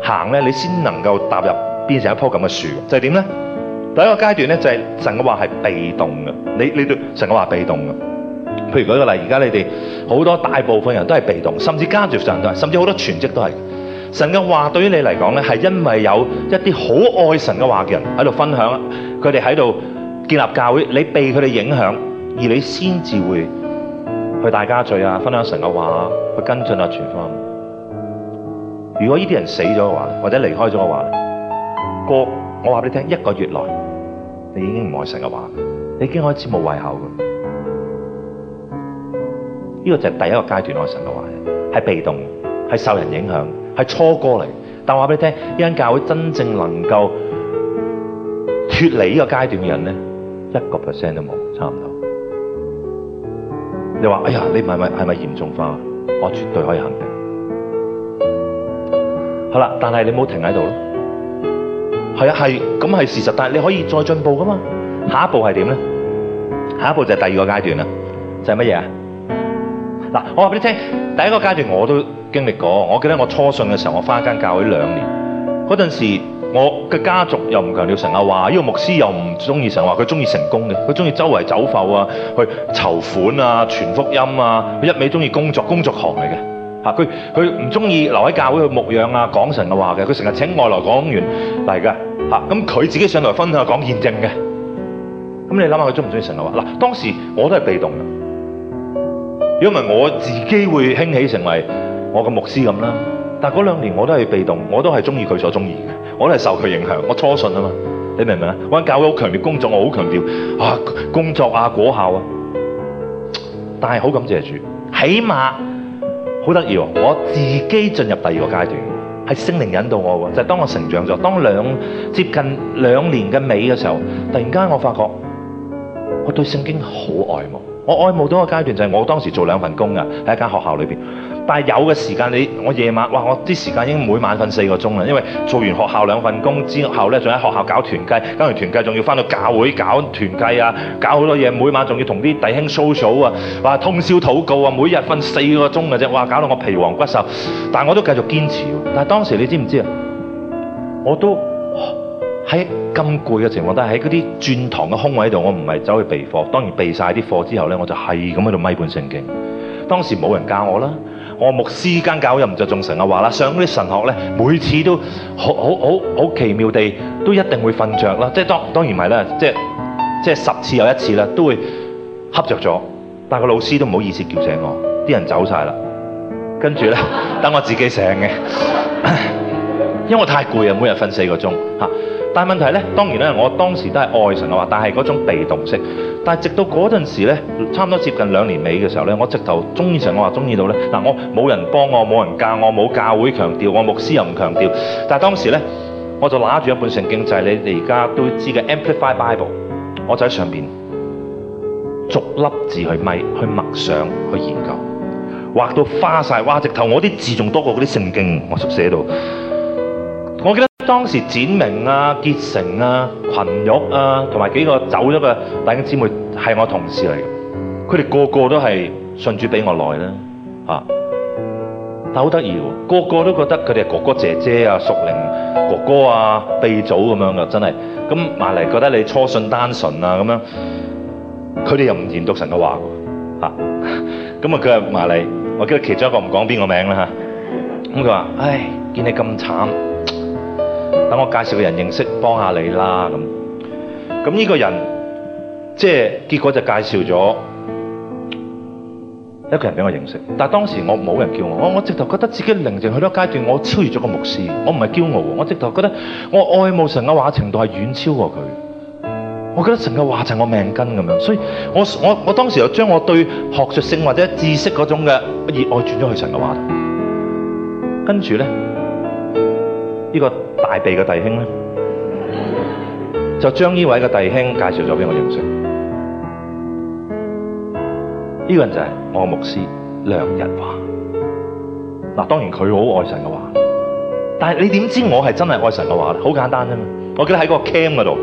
行咧，你先能夠踏入變成一棵咁嘅樹。就係點咧？第一個階段咧就係神嘅話係被動嘅。你你對神嘅話被動嘅。譬如舉個例，而家你哋好多大部分人都係被動，甚至家族上都係，甚至好多全職都係。神嘅話對於你嚟講咧，係因為有一啲好愛神嘅話嘅人喺度分享，佢哋喺度建立教會，你被佢哋影響，而你先至會。去大家聚啊，分享神嘅話，去跟進啊傳福音。如果呢啲人死咗嘅話，或者離開咗嘅話，過，我話俾你聽，一個月內你已經唔愛神嘅話，你已經開始冇胃口嘅。呢個就係第一個階段愛神嘅話，係被動，係受人影響，係錯過嚟。但話俾你聽，呢間教會真正能夠脱離呢個階段嘅人咧，一個 percent 都冇，差唔多。你話：哎呀，你唔係咪係咪嚴重化？我絕對可以肯定。好啦，但係你唔好停喺度咯。係啊，係咁係事實，但係你可以再進步㗎嘛。下一步係點咧？下一步就係第二個階段啦，就係乜嘢啊？嗱，我話俾你聽，第一個階段我都經歷過。我記得我初信嘅時候，我返間教會兩年嗰陣時。佢家族又唔強調神啊話，呢、這個牧師又唔中意神話，佢中意成功嘅，佢中意周圍走埠啊，去籌款啊，傳福音啊，佢一味中意工作，工作狂嚟嘅嚇，佢佢唔中意留喺教會去牧養啊，講神嘅話嘅，佢成日請外來講員嚟嘅嚇，咁佢自己上台分享講見證嘅，咁你諗下佢中唔中意神啊話？嗱，當時我都係被動嘅，因為我自己會興起成為我嘅牧師咁啦。但嗰兩年我都係被動，我都係中意佢所中意嘅，我都係受佢影響。我初信啊嘛，你明唔明啊？我教會好強烈工作，我好強調啊工作啊果效啊。但係好感謝主，起碼好得意喎，我自己進入第二個階段，係聖靈引導我喎。就係、是、當我成長咗，當兩接近兩年嘅尾嘅時候，突然間我發覺，我對聖經好愛慕。我愛慕到個階段就係、是、我當時做兩份工啊，喺一間學校裏面。但係有嘅時間，你我夜晚哇，我啲時間已經每晚瞓四個鐘啦，因為做完學校兩份工之後呢，仲喺學校搞團契，跟住團契仲要返到教會搞團契啊，搞好多嘢，每晚仲要同啲弟兄嫂嫂啊，哇通宵禱告啊，每日瞓四個鐘嘅啫，哇搞到我皮黃骨瘦，但係我都繼續堅持。但係當時你知唔知啊？我都喺咁攰嘅情況，但係喺嗰啲轉堂嘅空位度，我唔係走去備課，當然備晒啲課之後呢，我就係咁喺度咪半聖經。當時冇人教我啦。我牧師間教任就仲成日話啦，上嗰啲神學咧，每次都好好好好奇妙地都一定會瞓着啦。即係當當然唔係啦，即係即係十次有一次啦，都會恰着咗。但係個老師都唔好意思叫醒我，啲人走晒啦。跟住咧，等我自己醒嘅，因為我太攰啊，每日瞓四個鐘嚇。但問題呢，當然咧，我當時都係愛神嘅話，但係嗰種被動式。但係直到嗰陣時呢，差唔多接近兩年尾嘅時候呢，我直頭鍾意神，我話鍾意到呢，嗱，我冇人幫我，冇人教我，冇教會強調，我牧師又唔強調。但係當時呢，我就揦住一本聖經，就係、是、你哋而家都知嘅 Amplified Bible，我就喺上面逐粒字去咪，去默想去研究，畫到花晒。哇！直頭我啲字仲多過嗰啲聖經我宿舍度。當時展明啊、結成啊、群玉啊，同埋幾個走咗嘅弟兄姊妹係我的同事嚟嘅，佢哋個個都係信主比我耐啦，吓、啊，但好得意喎，個個都覺得佢哋係哥哥姐姐啊、屬靈哥哥啊、鼻祖咁樣噶，真係，咁埋嚟覺得你初信單純啊咁樣，佢、啊、哋又唔研讀神嘅話，吓、啊，咁啊佢又埋嚟，我叫其中一個唔講邊個名啦吓，咁佢話，唉，見你咁慘。等我介紹個人認識，幫下你啦咁。咁呢個人，即係結果就介紹咗一個人俾我認識。但係當時我冇人叫我，我我直頭覺得自己靈性去到階段，我超越咗個牧師。我唔係驕傲，我直頭覺得我愛慕神嘅話程度係遠超過佢。我覺得神嘅話就係我命根咁樣，所以我我我當時就將我對學術性或者知識嗰種嘅熱愛轉咗去神嘅話題。跟住咧。呢、個大鼻嘅弟兄咧，就將呢位嘅弟兄介紹咗俾我認識。呢、個人就係我牧師梁日華。嗱，當然佢好愛神嘅話，但係你點知我係真係愛神嘅話？好簡單啫嘛，我記得喺嗰個 cam 嗰度。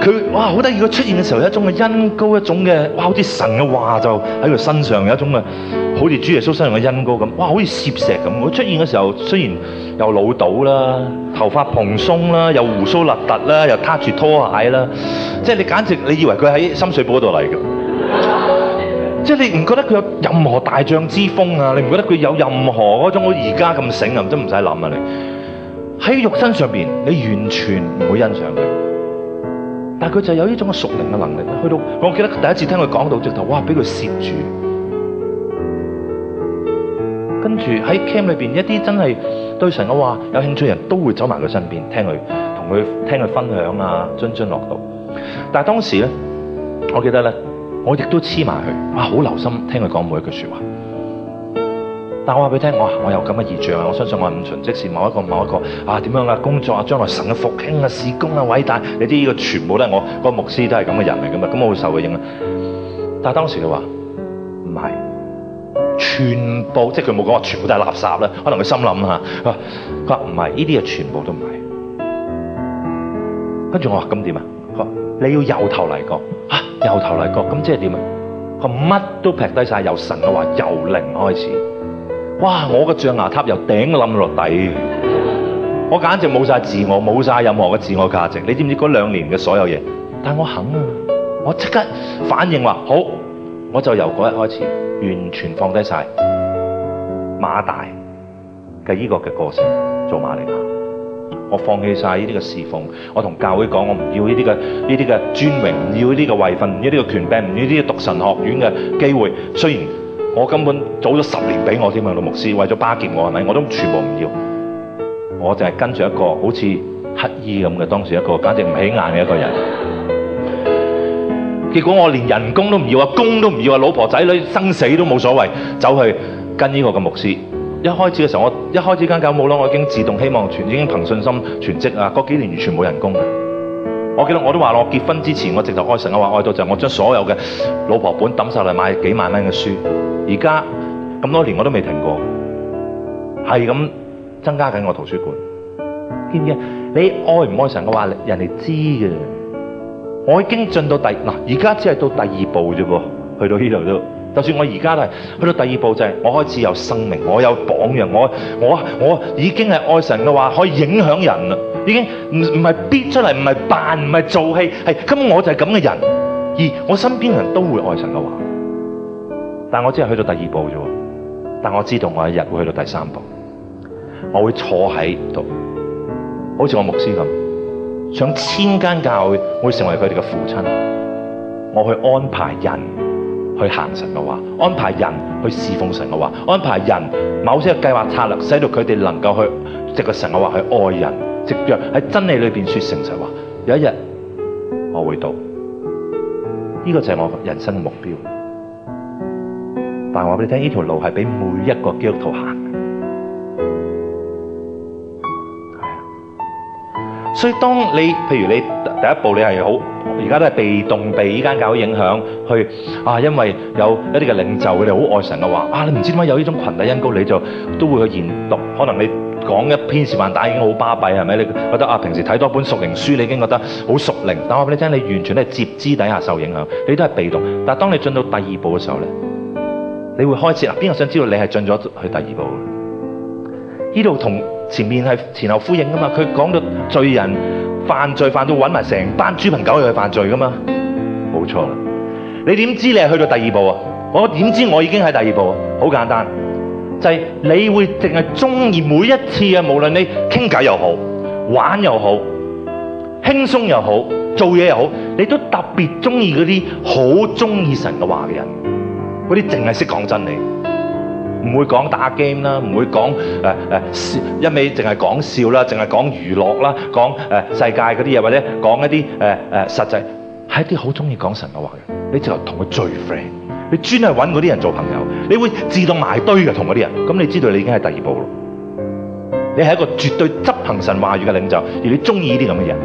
佢哇，好得意！佢出現嘅時候，有一種嘅恩膏，一種嘅哇，好似神嘅話就喺佢身上，有一種嘅好似主耶穌身上嘅恩膏咁。哇，好似攝石咁！佢出現嘅時候，雖然又老到啦，頭髮蓬鬆啦，又鬍鬚立突啦，又攤住拖鞋啦，即係你簡直你以為佢喺深水埗嗰度嚟嘅， 即係你唔覺得佢有任何大將之風啊？你唔覺得佢有任何嗰種好似而家咁醒啊？真唔使諗啊！你喺肉身上邊，你完全唔會欣賞佢。但係佢就有呢種嘅熟靈嘅能力，去到我記得第一次聽佢講到直頭，哇！俾佢攝住，跟住喺 cam 裏面，一啲真係對神嘅話有興趣人都會走埋佢身邊，聽佢同佢聽佢分享啊，津津樂道。但係當時咧，我記得咧，我亦都黐埋去，哇！好留心聽佢講每一句說話。但我話俾你聽，我我又咁嘅異象啊！我相信我五旬，即是某一個某一個啊，點樣啊，工作啊，將來神嘅復興啊，事工啊，偉大，你啲呢個全部都係我個牧師都係咁嘅人嚟噶嘛？咁我會受佢影響啊！但係當時佢話唔係，全部即係佢冇講話，全部都係垃圾啦。可能佢心諗吓，佢話唔係，呢啲嘢全部都唔係。跟住我話咁點啊？佢話你要由頭嚟過，吓、啊、由頭嚟過，咁即係點啊？佢乜都劈低晒，由神嘅話由零開始。哇！我個象牙塔由頂冧落底，我簡直冇晒自我，冇晒任何嘅自我價值。你知唔知嗰兩年嘅所有嘢？但係我肯啊！我即刻反應話：好，我就由嗰日開始完全放低晒馬大嘅呢個嘅個性做馬利亞。我放棄晒呢啲嘅侍奉，我同教會講：我唔要呢啲嘅呢啲嘅尊榮，唔要呢啲嘅位份，唔要呢個權柄，唔要呢啲讀神學院嘅機會。雖然我根本早咗十年俾我添啊，老牧師，為咗巴結我係咪？我都全部唔要，我淨係跟住一個好似乞衣咁嘅，當時一個簡直唔起眼嘅一個人。結果我連人工都唔要啊，工都唔要啊，老婆仔女生死都冇所謂，走去跟呢個嘅牧師。一開始嘅時候，我一開始跟緊冇咯，我已經自動希望存，已經憑信心全職啊。嗰幾年完全冇人工。我記得我都話我結婚之前，我直頭愛神嘅話，嘅話愛到就係我將所有嘅老婆本抌曬嚟買幾萬蚊嘅書。而家咁多年我都未停過，係咁增加緊我圖書館。見唔見？你愛唔愛神嘅話，人哋知嘅。我已經進到第嗱，而家只係到第二步啫噃，去到呢度都。就算我而家都係去到第二步，就係，就係我開始有生命，我有榜樣，我我我已經係愛神嘅話，可以影響人啦。已經唔唔係逼出嚟，唔係扮，唔係做戲，係根本我就係咁嘅人。而我身邊嘅人都會愛神嘅話，但我只係去到第二步啫。但我知道我一日會去到第三步，我會坐喺度，好似我牧師咁，上千間教會會成為佢哋嘅父親，我去安排人去行神嘅話，安排人去侍奉神嘅話，安排人某些嘅計劃策略，使到佢哋能夠去直個神嘅話去愛人。直若喺真理裏邊説成實話，有一日我會到，呢個就係我人生嘅目標。但係我話俾你聽，呢條路係俾每一個基督徒行。係啊，所以當你譬如你第一步你係好，而家都係被動地呢間教會影響去啊，因為有一啲嘅領袖佢哋好愛神嘅話啊，你唔知點解有呢種羣體恩膏，你就都會去研讀，可能你。講一篇《時範打》已經好巴閉係咪？你覺得啊，平時睇多看本熟靈屬靈書，你已經覺得好屬靈。但我俾你聽，你完全都係接肢底下受影響，你都係被動。但當你進到第二步嘅時候呢，你會開始啦。邊個想知道你係進咗去第二步？呢度同前面係前後呼應㗎嘛？佢講到罪人犯罪，犯到揾埋成班豬朋狗友去犯罪㗎嘛？冇錯啦。你點知你係去到第二步啊？我點知我已經喺第二步啊？好簡單。就係、是、你會淨係中意每一次啊！無論你傾偈又好，玩又好，輕鬆又好，做嘢又好，你都特別中意嗰啲好中意神嘅話嘅人。嗰啲淨係識講真理，唔會講打 game 啦，唔會講誒誒一味淨係講笑啦，淨係講娛樂啦，講誒、呃、世界嗰啲嘢，或者講一啲誒誒實際，係一啲好中意講神嘅話嘅人，你就同佢最 friend。你專係揾嗰啲人做朋友，你會自動埋堆嘅同嗰啲人。咁你知道你已經係第二步咯。你係一個絕對執行神話語嘅領袖，而你中意呢啲咁嘅人。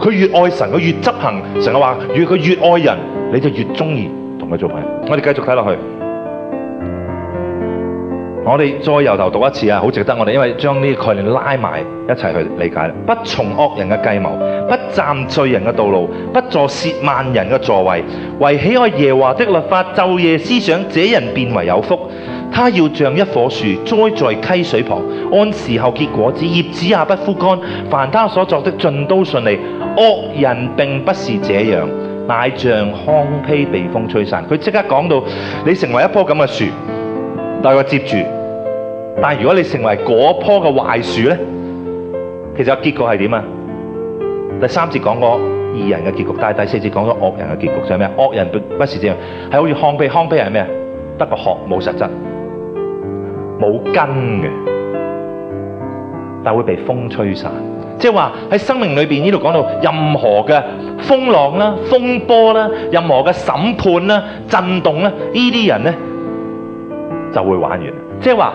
佢越愛神，佢越執行，成日話，越佢越愛人，你就越中意同佢做朋友。我哋繼續睇落去，我哋再由頭讀一次啊！好值得我哋，因為將呢個概念拉埋。一齊去理解，不從惡人嘅計謀，不站罪人嘅道路，不坐褻慢人嘅座位，為喜愛耶和華的律法晝夜思想，這人變為有福。他要像一棵樹栽在溪水旁，按時候結果子，葉子也不枯乾。凡他所作的，盡都順利。惡人並不是這樣，乃像糠秕被風吹散。佢即刻講到你成為一棵咁嘅樹，大家接住，但如果你成為嗰棵嘅壞樹呢？其實結果係點啊？第三節講過義人嘅結局，但係第四節講咗惡人嘅結局是什麼，就係咩啊？惡人不不是這樣係好似糠秕，糠秕係咩啊？得個殼冇實質，冇根嘅，但會被風吹散。即係話喺生命裏邊呢度講到任何嘅風浪啦、風波啦、任何嘅審判啦、震動啦，這些呢啲人咧就會玩完。即係話。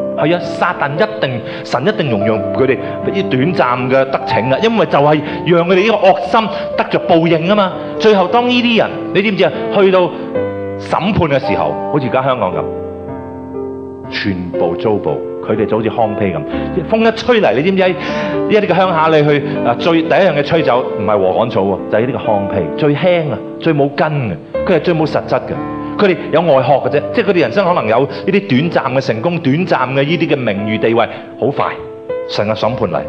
係啊，撒旦一定神一定容讓佢哋啲短暫嘅得逞啊，因為就係讓佢哋呢個惡心得着報應啊嘛。最後當呢啲人，你知唔知啊？去到審判嘅時候，好似而家香港咁，全部遭報，佢哋就好似糠皮咁。風一吹嚟，你知唔知？呢啲嘅鄉下你去啊，最第一樣嘅吹走，唔係禾稈草喎，就係呢啲嘅糠皮，最輕啊，最冇根嘅，佢係最冇實質嘅。佢哋有外殼嘅啫，即係佢哋人生可能有呢啲短暫嘅成功、短暫嘅呢啲嘅名譽地位，好快，神嘅審判嚟，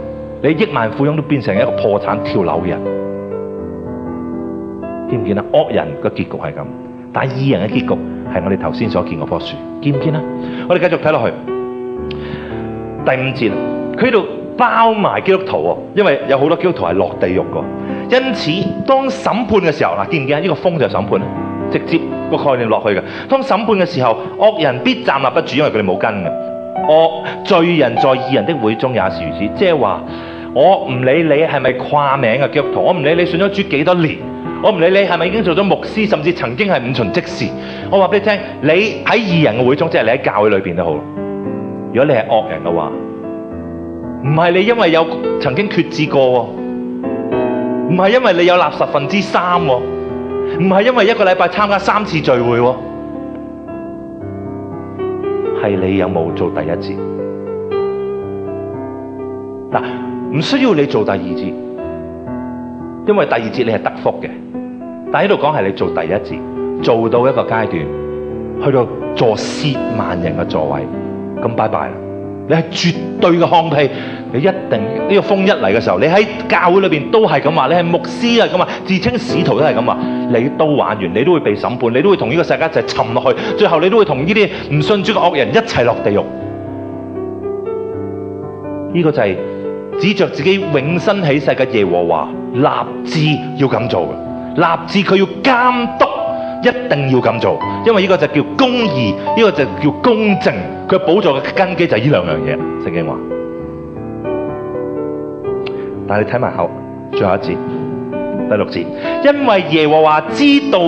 你億萬富翁都變成一個破產跳樓人，見唔見啊？惡人嘅結局係咁，但係義人嘅結局係我哋頭先所見嗰樖樹，見唔見啊？我哋繼續睇落去第五節，佢度包埋基督徒，因為有好多基督徒係落地獄嘅，因此當審判嘅時候嗱，見唔見啊？呢個風就審判啦，直接。個概念落去嘅，當審判嘅時候，惡人必站立不住，因為佢哋冇根嘅。惡罪人在義人的會中也是如此，即係話我唔理你係咪掛名嘅基督徒，我唔理你信咗主幾多年，我唔理你係咪已經做咗牧師，甚至曾經係五旬即事。我話俾你聽，你喺義人嘅會中，即係你喺教會裏邊都好，如果你係惡人嘅話，唔係你因為有曾經決志過喎，唔係因為你有納十分之三喎。唔係因為一個禮拜參加三次聚會喎，係你有冇做第一節？嗱，唔需要你做第二節，因為第二節你係得福嘅。但喺度講係你做第一節，做到一個階段，去到坐褻慢人嘅座位，咁拜拜啦。你係絕對嘅放屁！你一定呢個風一嚟嘅時候，你喺教會裏邊都係咁話，你係牧師啊咁話，自稱使徒都係咁話，你都玩完，你都會被審判，你都會同呢個世界一齊沉落去，最後你都會同呢啲唔信主嘅惡人一齊落地獄。呢個就係指着自己永生起誓嘅耶和華，立志要咁做嘅，立志佢要監督。一定要咁做，因為呢個就叫公義，呢個就叫公正。佢保障嘅根基就係呢兩樣嘢。聖經話，但係你睇埋後，最後一節，第六節，因為耶和華知道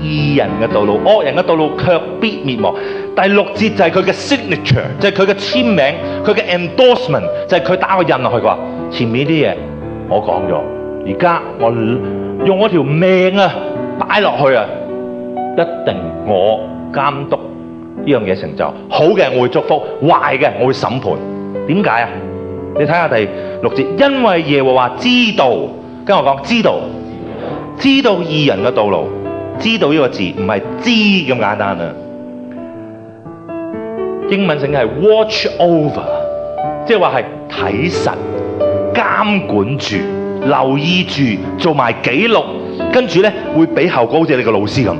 義人嘅道路，惡人嘅道路卻必滅亡。第六節就係佢嘅 signature，就係佢嘅簽名，佢嘅 endorsement，就係佢打個印落去嘅。佢話，前面啲嘢我講咗，而家我用我條命啊，擺落去啊！一定我監督呢樣嘢成就，好嘅我會祝福，壞嘅我會審判。點解啊？你睇下第六節，因為耶和華知道，跟我講知道，知道義人嘅道路，知道呢個字唔係知咁簡單啊。英文成嘅係 watch over，即係話係睇實、監管住、留意住、做埋記錄，跟住呢，會俾後果，好似你個老師咁。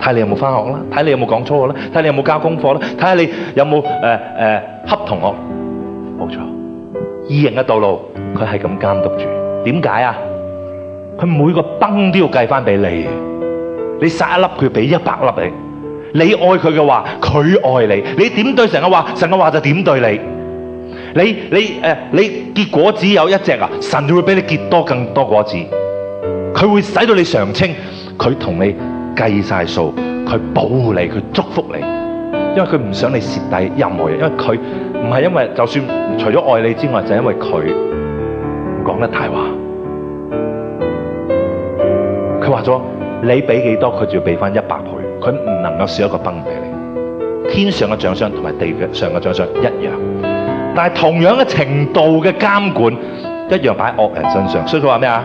睇你有冇翻學啦，睇你有冇講粗口啦，睇你有冇交功課啦，睇下你有冇誒誒恰同學，冇錯，義人嘅道路，佢係咁監督住，點解啊？佢每個崩都要計翻俾你，你殺一粒佢俾一百粒你，你愛佢嘅話，佢愛你，你點對神嘅話，神嘅話就點對你，你你誒、呃，你結果只有一隻啊，神就會俾你結多更多果子，佢會使到你常青，佢同你。計晒數，佢保護你，佢祝福你，因為佢唔想你蝕底任何嘢，因為佢唔係因為就算除咗愛你之外，就因為佢講得太話，佢話咗你俾幾多，佢就要俾翻一百倍，佢唔能夠少一個崩俾你。天上嘅獎賞同埋地上嘅獎賞一樣，但係同樣嘅程度嘅監管一樣擺喺惡人身上，所以佢話咩啊？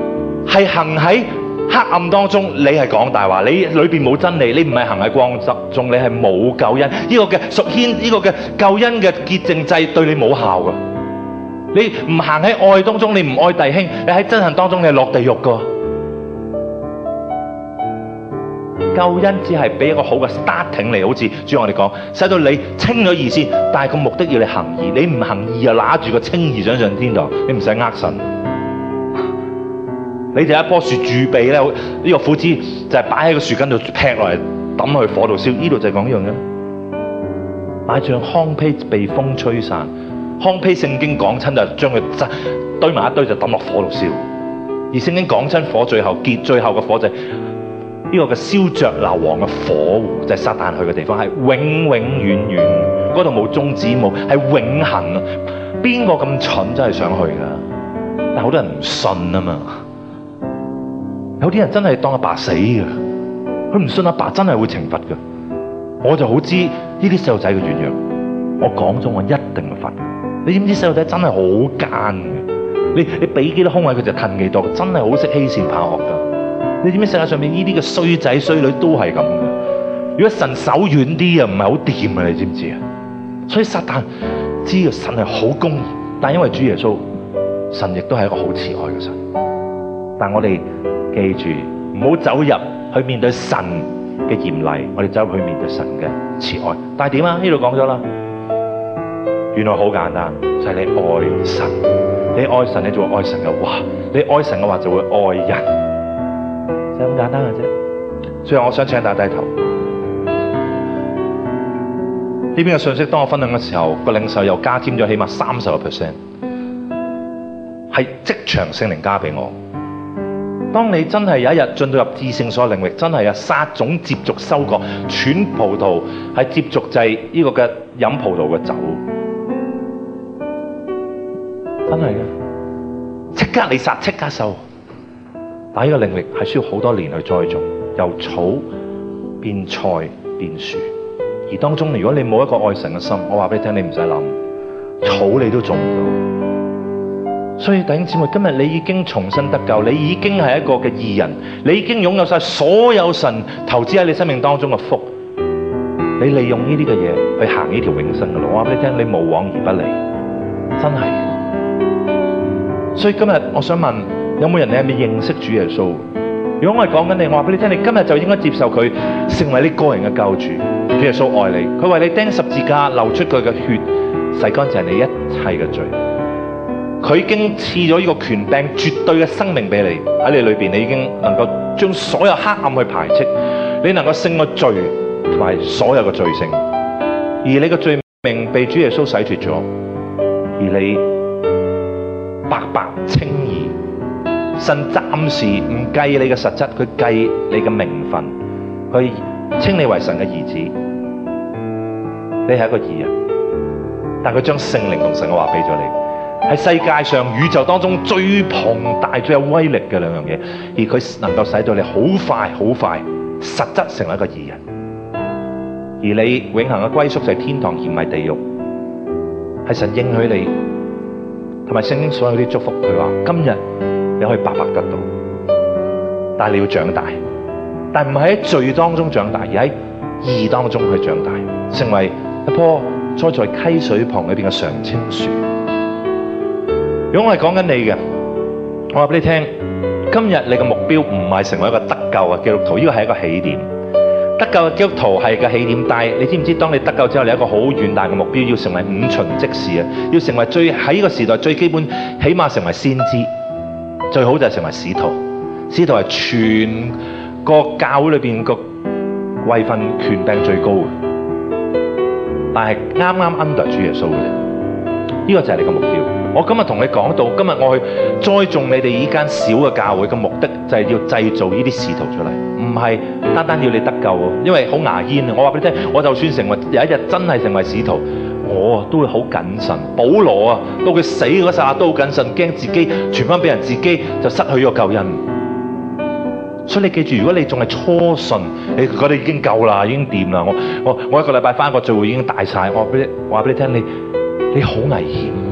係行喺黑暗當中，你係講大話，你裏邊冇真理，你唔係行喺光之中，你係冇救恩。呢、這個嘅屬天，呢、這個嘅救恩嘅潔淨祭對你冇效噶。你唔行喺愛當中，你唔愛弟兄，你喺憎恨當中，你係落地獄噶。救恩只係俾一個好嘅 starting 嚟，好似主要我哋講，使到你清咗義先，但係個目的要你行義，你唔行義就拿住個清義想上，上天堂，你唔使呃神。你哋一棵樹備，樹皮咧，呢個斧子就係擺喺個樹根度劈落嚟，抌落去火度燒。呢度就係講一樣嘢，擺張糠秕被風吹散，糠秕聖經講親就係、是、將佢堆埋一堆就抌落火度燒。而聖經講親火最後結最後嘅火就係呢個嘅燒着硫磺嘅火，就係撒但去嘅地方，係永永遠遠，嗰度冇終止冇，係永恆啊！邊個咁蠢真係想去㗎？但好多人唔信啊嘛。有啲人真係當阿爸死嘅，佢唔信阿爸真係會懲罰嘅。我就好知呢啲細路仔嘅軟弱。我講咗，我一定會罰。你知唔知細路仔真係好奸嘅？你你俾幾多空位佢就吞幾多，真係好識欺善怕惡噶你知唔知世界上面呢啲嘅衰仔衰女都係咁嘅？如果神手軟啲啊，唔係好掂啊，你知唔知啊？所以撒旦知神係好公義，但因為主耶穌，神亦都係一個好慈愛嘅神。但我哋。記住唔好走入去面對神嘅嚴厲，我哋走入去面對神嘅慈愛。但係點啊？呢度講咗啦，原來好簡單，就係你愛神，你愛神，你就會愛神嘅話，你愛神嘅話就會愛人，就咁簡單嘅啫。最後我想請大家低頭，呢邊嘅信息，當我分享嘅時候，個領袖又加添咗起碼三十個 percent，係即場聖靈加俾我。當你真係有一日進到入至聖所的領域，真係啊，撒種接續收割，踹葡萄係接續製，呢個嘅飲葡萄嘅酒，真係嘅，即刻你撒即刻收，但呢個領域係需要好多年去栽種，由草變菜變樹，而當中如果你冇一個愛神嘅心，我話俾你聽，你唔使諗，草你都種唔到。所以弟兄姊妹，今日你已經重新得救，你已經係一個嘅義人，你已經擁有晒所有神投資喺你生命當中嘅福。你利用呢啲嘅嘢去行呢條永生嘅路。我話俾你聽，你無往而不利，真係。所以今日我想問，有冇人你係咪認識主耶穌？如果我係講緊你，我話俾你聽，你今日就應該接受佢成為你個人嘅救主。主耶穌愛你，佢為你釘十字架，流出佢嘅血，洗乾淨你一切嘅罪。佢已經賜咗呢個權柄，絕對嘅生命俾你喺你裏面，你已經能夠將所有黑暗去排斥，你能夠勝過罪同埋所有嘅罪性，而你嘅罪名被主耶穌洗脫咗，而你白白清義。神暫時唔計你嘅實質，佢計你嘅名分，佢稱你為神嘅兒子。你係一個義人，但佢將聖靈同神嘅話俾咗你。係世界上宇宙當中最龐大、最有威力嘅兩樣嘢，而佢能夠使到你好快、好快實質成為一個義人。而你永恆嘅歸宿就係天堂，而唔係地獄。係神應許你，同埋聖經所有啲祝福，佢話今日你可以白白得到，但係你要長大，但唔係喺罪當中長大，而喺義當中去長大，成為一棵栽在溪水旁裏邊嘅常青樹。如果我係講緊你嘅，我話俾你聽，今日你嘅目標唔係成為一個得救嘅基督徒，呢個係一個起點。得救嘅基督徒係個起點，但係你知唔知？當你得救之後，你一個好遠大嘅目標，要成為五重職事啊！要成為最喺呢個時代最基本，起碼成為先知，最好就係成為使徒。使徒係全個教會裏邊個位份權柄最高嘅，但係啱啱 under 主耶穌嘅。呢個就係你嘅目標。我今日同你講到，今日我去栽種你哋呢間小嘅教會嘅目的就係要製造呢啲使徒出嚟，唔係單單要你得救啊！因為好牙煙啊！我話俾你聽，我就算成為有一日真係成為使徒，我都會好謹慎。保羅啊，到佢死嗰時啊，都好謹慎，驚自己傳翻俾人自己就失去咗救恩。所以你記住，如果你仲係初信，你覺得你已經夠啦，已經掂啦。我我我一個禮拜翻一個聚會已經大晒，我話俾你，我話俾你聽，你你好危險。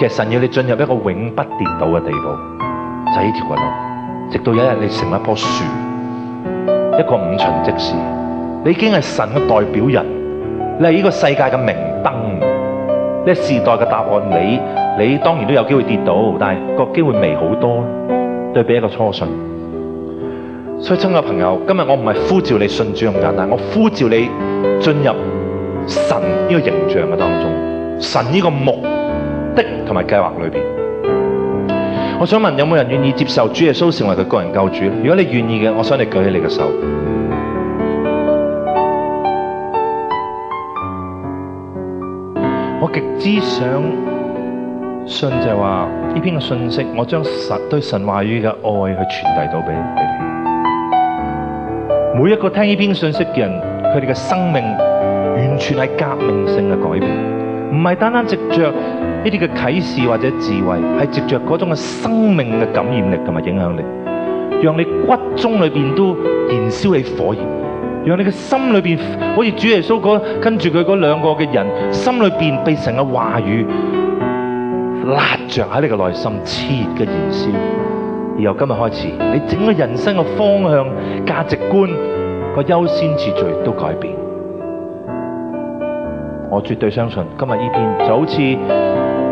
其實神要你進入一個永不跌倒嘅地步，就係呢條路，直到有一日你成一棵樹，一個五旬職士，你已經係神嘅代表人，你係呢個世界嘅明燈，呢個時代嘅答案。你你當然都有機會跌倒，但係個機會未好多，對比一個初信。所以，親愛嘅朋友，今日我唔係呼召你信主咁簡單，我呼召你進入神呢個形象嘅當中，神呢個木。的同埋計劃裏邊，我想問有冇人願意接受主耶穌成為佢個人救主咧？如果你願意嘅，我想你舉起你嘅手。我極之想信就係話呢篇嘅信息，我將實對神話語嘅愛去傳遞到俾你。每一個聽呢篇信息嘅人，佢哋嘅生命完全係革命性嘅改變，唔係單單直着。呢啲嘅啟示或者智慧，係藉着嗰種嘅生命嘅感染力同埋影響力，讓你骨中裏邊都燃燒起火焰，讓你嘅心裏邊好似主耶穌嗰跟住佢嗰兩個嘅人，心裏邊被神嘅話語揦着喺你嘅內心，熾熱嘅燃燒，而由今日開始，你整個人生嘅方向、價值觀、個優先次序都改變。我絕對相信，今日呢篇就好似。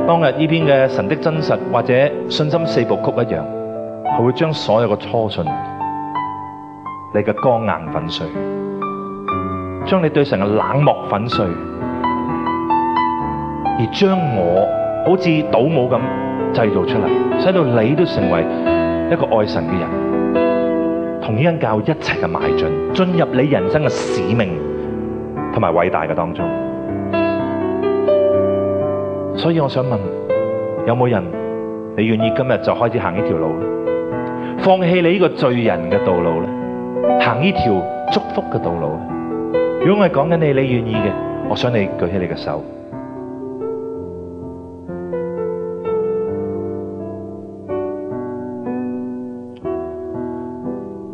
當日呢篇嘅神的真實，或者信心四部曲一樣，佢會將所有嘅初信、你嘅剛硬粉碎，將你對神嘅冷漠粉碎，而將我好似倒模咁製造出嚟，使到你都成為一個愛神嘅人，同呢間教會一齊嘅邁進，進入你人生嘅使命同埋偉大嘅當中。所以我想問，有冇人你願意今日就開始行呢條路呢？放棄你呢個罪人嘅道路咧，行呢條祝福嘅道路。如果我係講緊你，你願意嘅，我想你舉起你嘅手。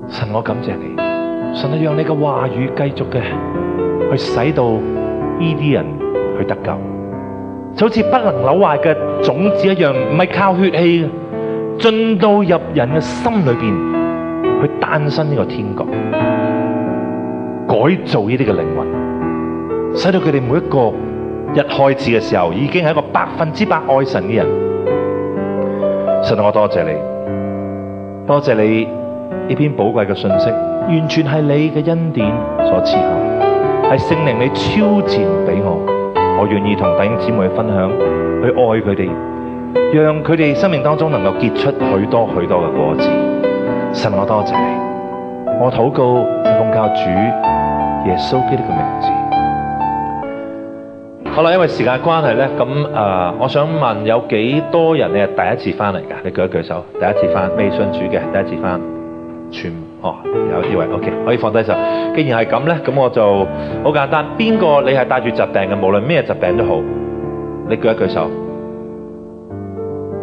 神，我感謝你，神，要讓你嘅話語繼續嘅去使到呢啲人去得救。就好似不能扭壞嘅種子一樣，唔係靠血氣嘅，進到入人嘅心裏邊去誕生呢個天國，改造呢啲嘅靈魂，使到佢哋每一個一開始嘅時候，已經係一個百分之百愛神嘅人。神，我多謝你，多謝你呢篇寶貴嘅信息，完全係你嘅恩典所賜下，係聖靈你超前俾我。我願意同弟兄姊妹分享，去愛佢哋，讓佢哋生命當中能夠結出許多許多嘅果子。神，我多謝你。我禱告奉救主耶穌基督嘅名字。好啦，因為時間關係咧，咁誒、呃，我想問有幾多人你係第一次翻嚟㗎？你舉一舉手，第一次翻，未信主嘅，第一次翻，全。哦、oh，有啲位，OK，可以放低手。既然係咁咧，咁我就好簡單。邊個你係帶住疾病嘅，無論咩疾病都好，你舉一舉手。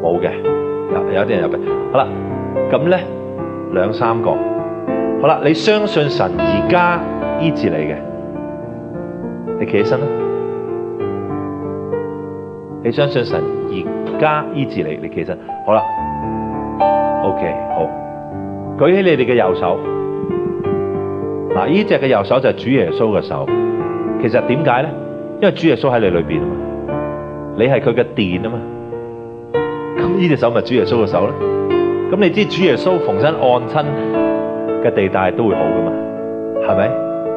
冇嘅，有有啲人有病。好啦，咁咧兩三個。好啦，你相信神而家醫治你嘅，你企起身啦。你相信神而家醫治你，你企起身。好啦，OK，好。舉起你哋嘅右手，嗱，呢隻嘅右手就係主耶穌嘅手。其實點解呢？因為主耶穌喺你裏面，你係佢嘅殿吖嘛，咁呢隻手咪主耶穌嘅手呢？咁你知主耶穌逢身按親嘅地帶都會好㗎嘛，係咪？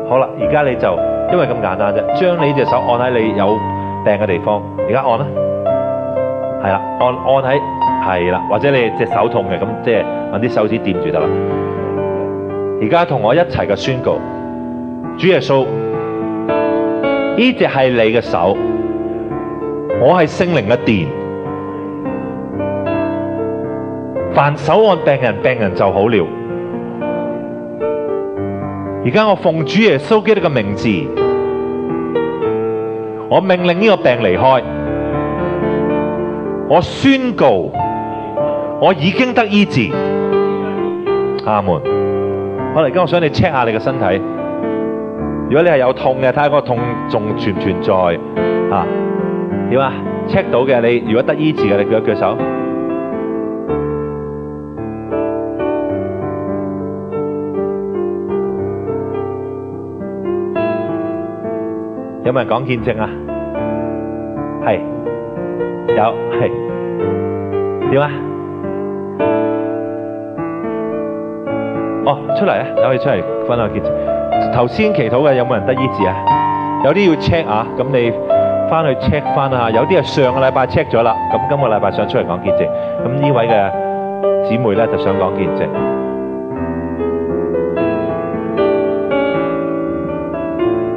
好啦，而家你就，因為咁簡單啫，將你隻手按喺你有病嘅地方，而家按啦，係啦，按按喺係啦，或者你隻手痛嘅，咁即係揾啲手指掂住得啦。而家同我一齊嘅宣告，主耶穌，呢隻係你嘅手，我係聖靈一電，凡手按病人，病人就好了。而家我奉主耶穌基督嘅名字，我命令呢個病離開，我宣告。我已經得醫治，阿門。我嚟，今我想你 check 下你嘅身體。如果你係有痛嘅，睇下個痛仲存唔存在啊？點啊？check 到嘅，你如果得醫治嘅，你舉一舉手。有冇人講見證啊？係有，係點啊？哦，出嚟啊，你可以出嚟分享見證。頭先祈禱嘅有冇人得醫治啊？有啲要 check 啊，咁你翻去 check 翻啊。有啲係上個禮拜 check 咗啦，咁今個禮拜想出嚟講見證。咁呢位嘅姊妹咧就想講見證。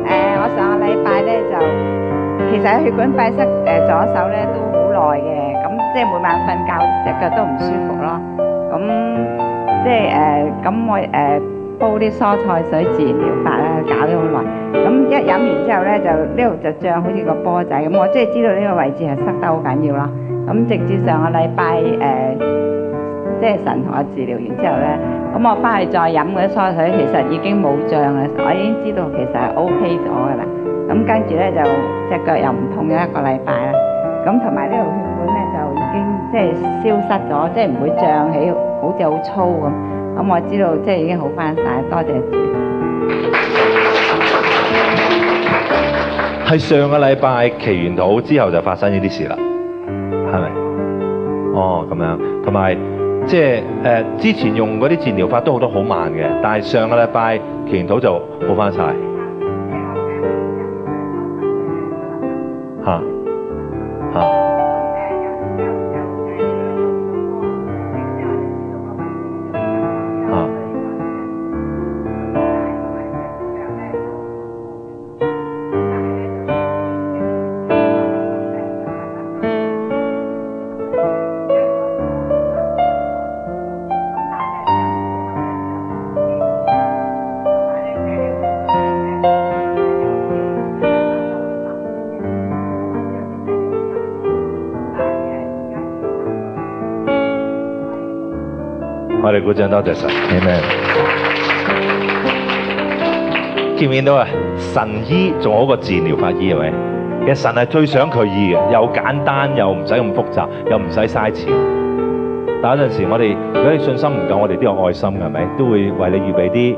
誒，我上個禮拜咧就其實血管閉塞誒左手咧都好耐嘅，咁即係每晚瞓覺隻腳都唔舒服咯，咁。即係誒，咁、呃、我誒、呃、煲啲蔬菜水治療法咧，搞咗好耐。咁一飲完之後咧，就呢度就脹，好似個波仔咁。我即係知道呢個位置係塞得好緊要啦。咁直至上個禮拜誒，即係神同我治療完之後咧，咁我翻去再飲嗰啲蔬菜水，其實已經冇脹啦。我已經知道其實係 O K 咗噶啦。咁跟住咧就隻腳又唔痛咗一個禮拜啦。咁同埋呢度血管咧就已經即係消失咗，即係唔會脹起。好似好粗咁，咁、嗯、我知道即係已經好翻晒，多謝。係上個禮拜祈完禱之後就發生呢啲事啦，係咪？哦，咁樣，同埋即係誒，之前用嗰啲治療法都好得好慢嘅，但係上個禮拜祈完禱就好翻晒。嗰多謝神，係咪？見唔見到啊？神醫仲好過治療法醫係咪？嘅神係最想佢醫嘅，又簡單又唔使咁複雜，又唔使嘥錢。但有陣時我哋如果你信心唔夠，我哋都有愛心嘅，係咪？都會為你預備啲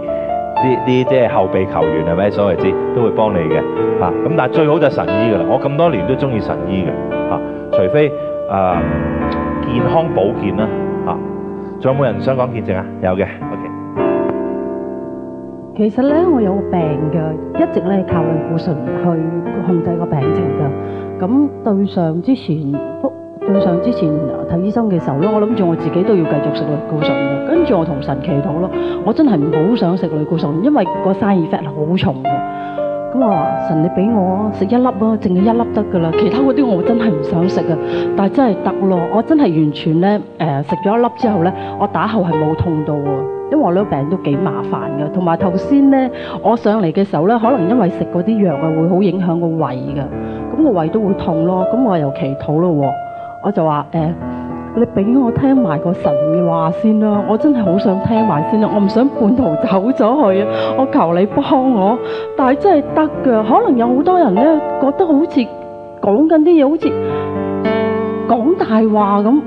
啲啲即係後備球員係咪？所謂之都會幫你嘅嚇。咁、啊、但係最好就係神醫㗎啦。我咁多年都中意神醫嘅嚇、啊，除非誒、啊、健康保健啦。仲有冇人想講見證啊？有嘅，OK。其實咧，我有個病嘅，一直咧靠類固醇去控制個病情㗎。咁對上之前，對上之前睇醫生嘅時候咧，我諗住我自己都要繼續食類固醇㗎。跟住我同神祈禱咯，我真係唔好想食類固醇，因為個 side effect 好重㗎。咁我話神，你畀我食一粒囉，淨係一粒得㗎喇。其他嗰啲我真係唔想食㗎。但真係得囉。我真係完全呢，呃、食咗一粒之後呢，我打後係冇痛到喎。因為我呢個病都幾麻煩㗎。同埋頭先呢，我上嚟嘅時候呢，可能因為食嗰啲藥啊會好影響個胃㗎。咁個胃都會痛囉，咁我又祈禱喎。我就話你俾我聽埋個神嘅話先啦，我真係好想聽埋先啦，我唔想半途走咗去啊！我求你幫我，但係真係得㗎，可能有好多人咧覺得好似講緊啲嘢，好似講大話咁，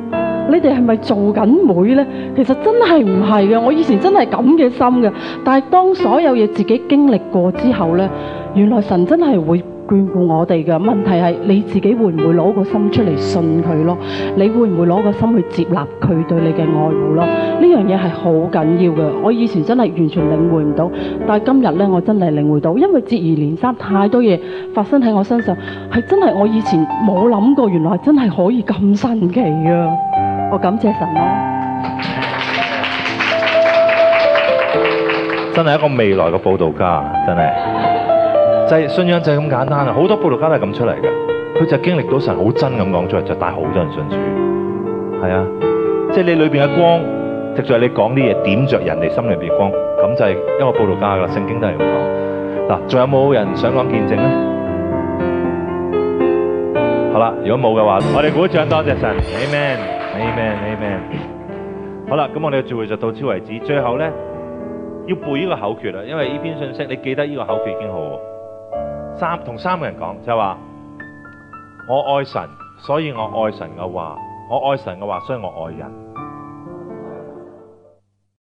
你哋係咪做緊妹咧？其實真係唔係嘅，我以前真係咁嘅心嘅，但係當所有嘢自己經歷過之後咧，原來神真係會。眷顧我哋嘅問題係你自己會唔會攞個心出嚟，信佢咯？你會唔會攞個心去接納佢對你嘅愛護咯？呢樣嘢係好緊要嘅。我以前真係完全領會唔到，但係今日呢，我真係領會到，因為接二連三太多嘢發生喺我身上，係真係我以前冇諗過，原來真係可以咁神奇啊！我感謝神咯，真係一個未來嘅報道家，真係。信仰就係咁簡單啦，好多布道家都係咁出嚟嘅，佢就經歷到神好真咁講出嚟，就帶好多人信主，係啊，即係你裏邊嘅光，直在你講啲嘢，點着人哋心裏邊嘅光，咁就係一個布道家噶啦，聖經都係咁講。嗱，仲有冇人想講見證咧？好啦，如果冇嘅話，我哋鼓掌多謝神，Amen，Amen，Amen Amen, Amen。好啦，咁我哋嘅聚會就到此為止。最後咧，要背呢個口訣啦，因為呢篇信息你記得呢個口訣已經好了。三同三個人講，就係話：我愛神，所以我愛神嘅話，我愛神嘅話，所以我愛人。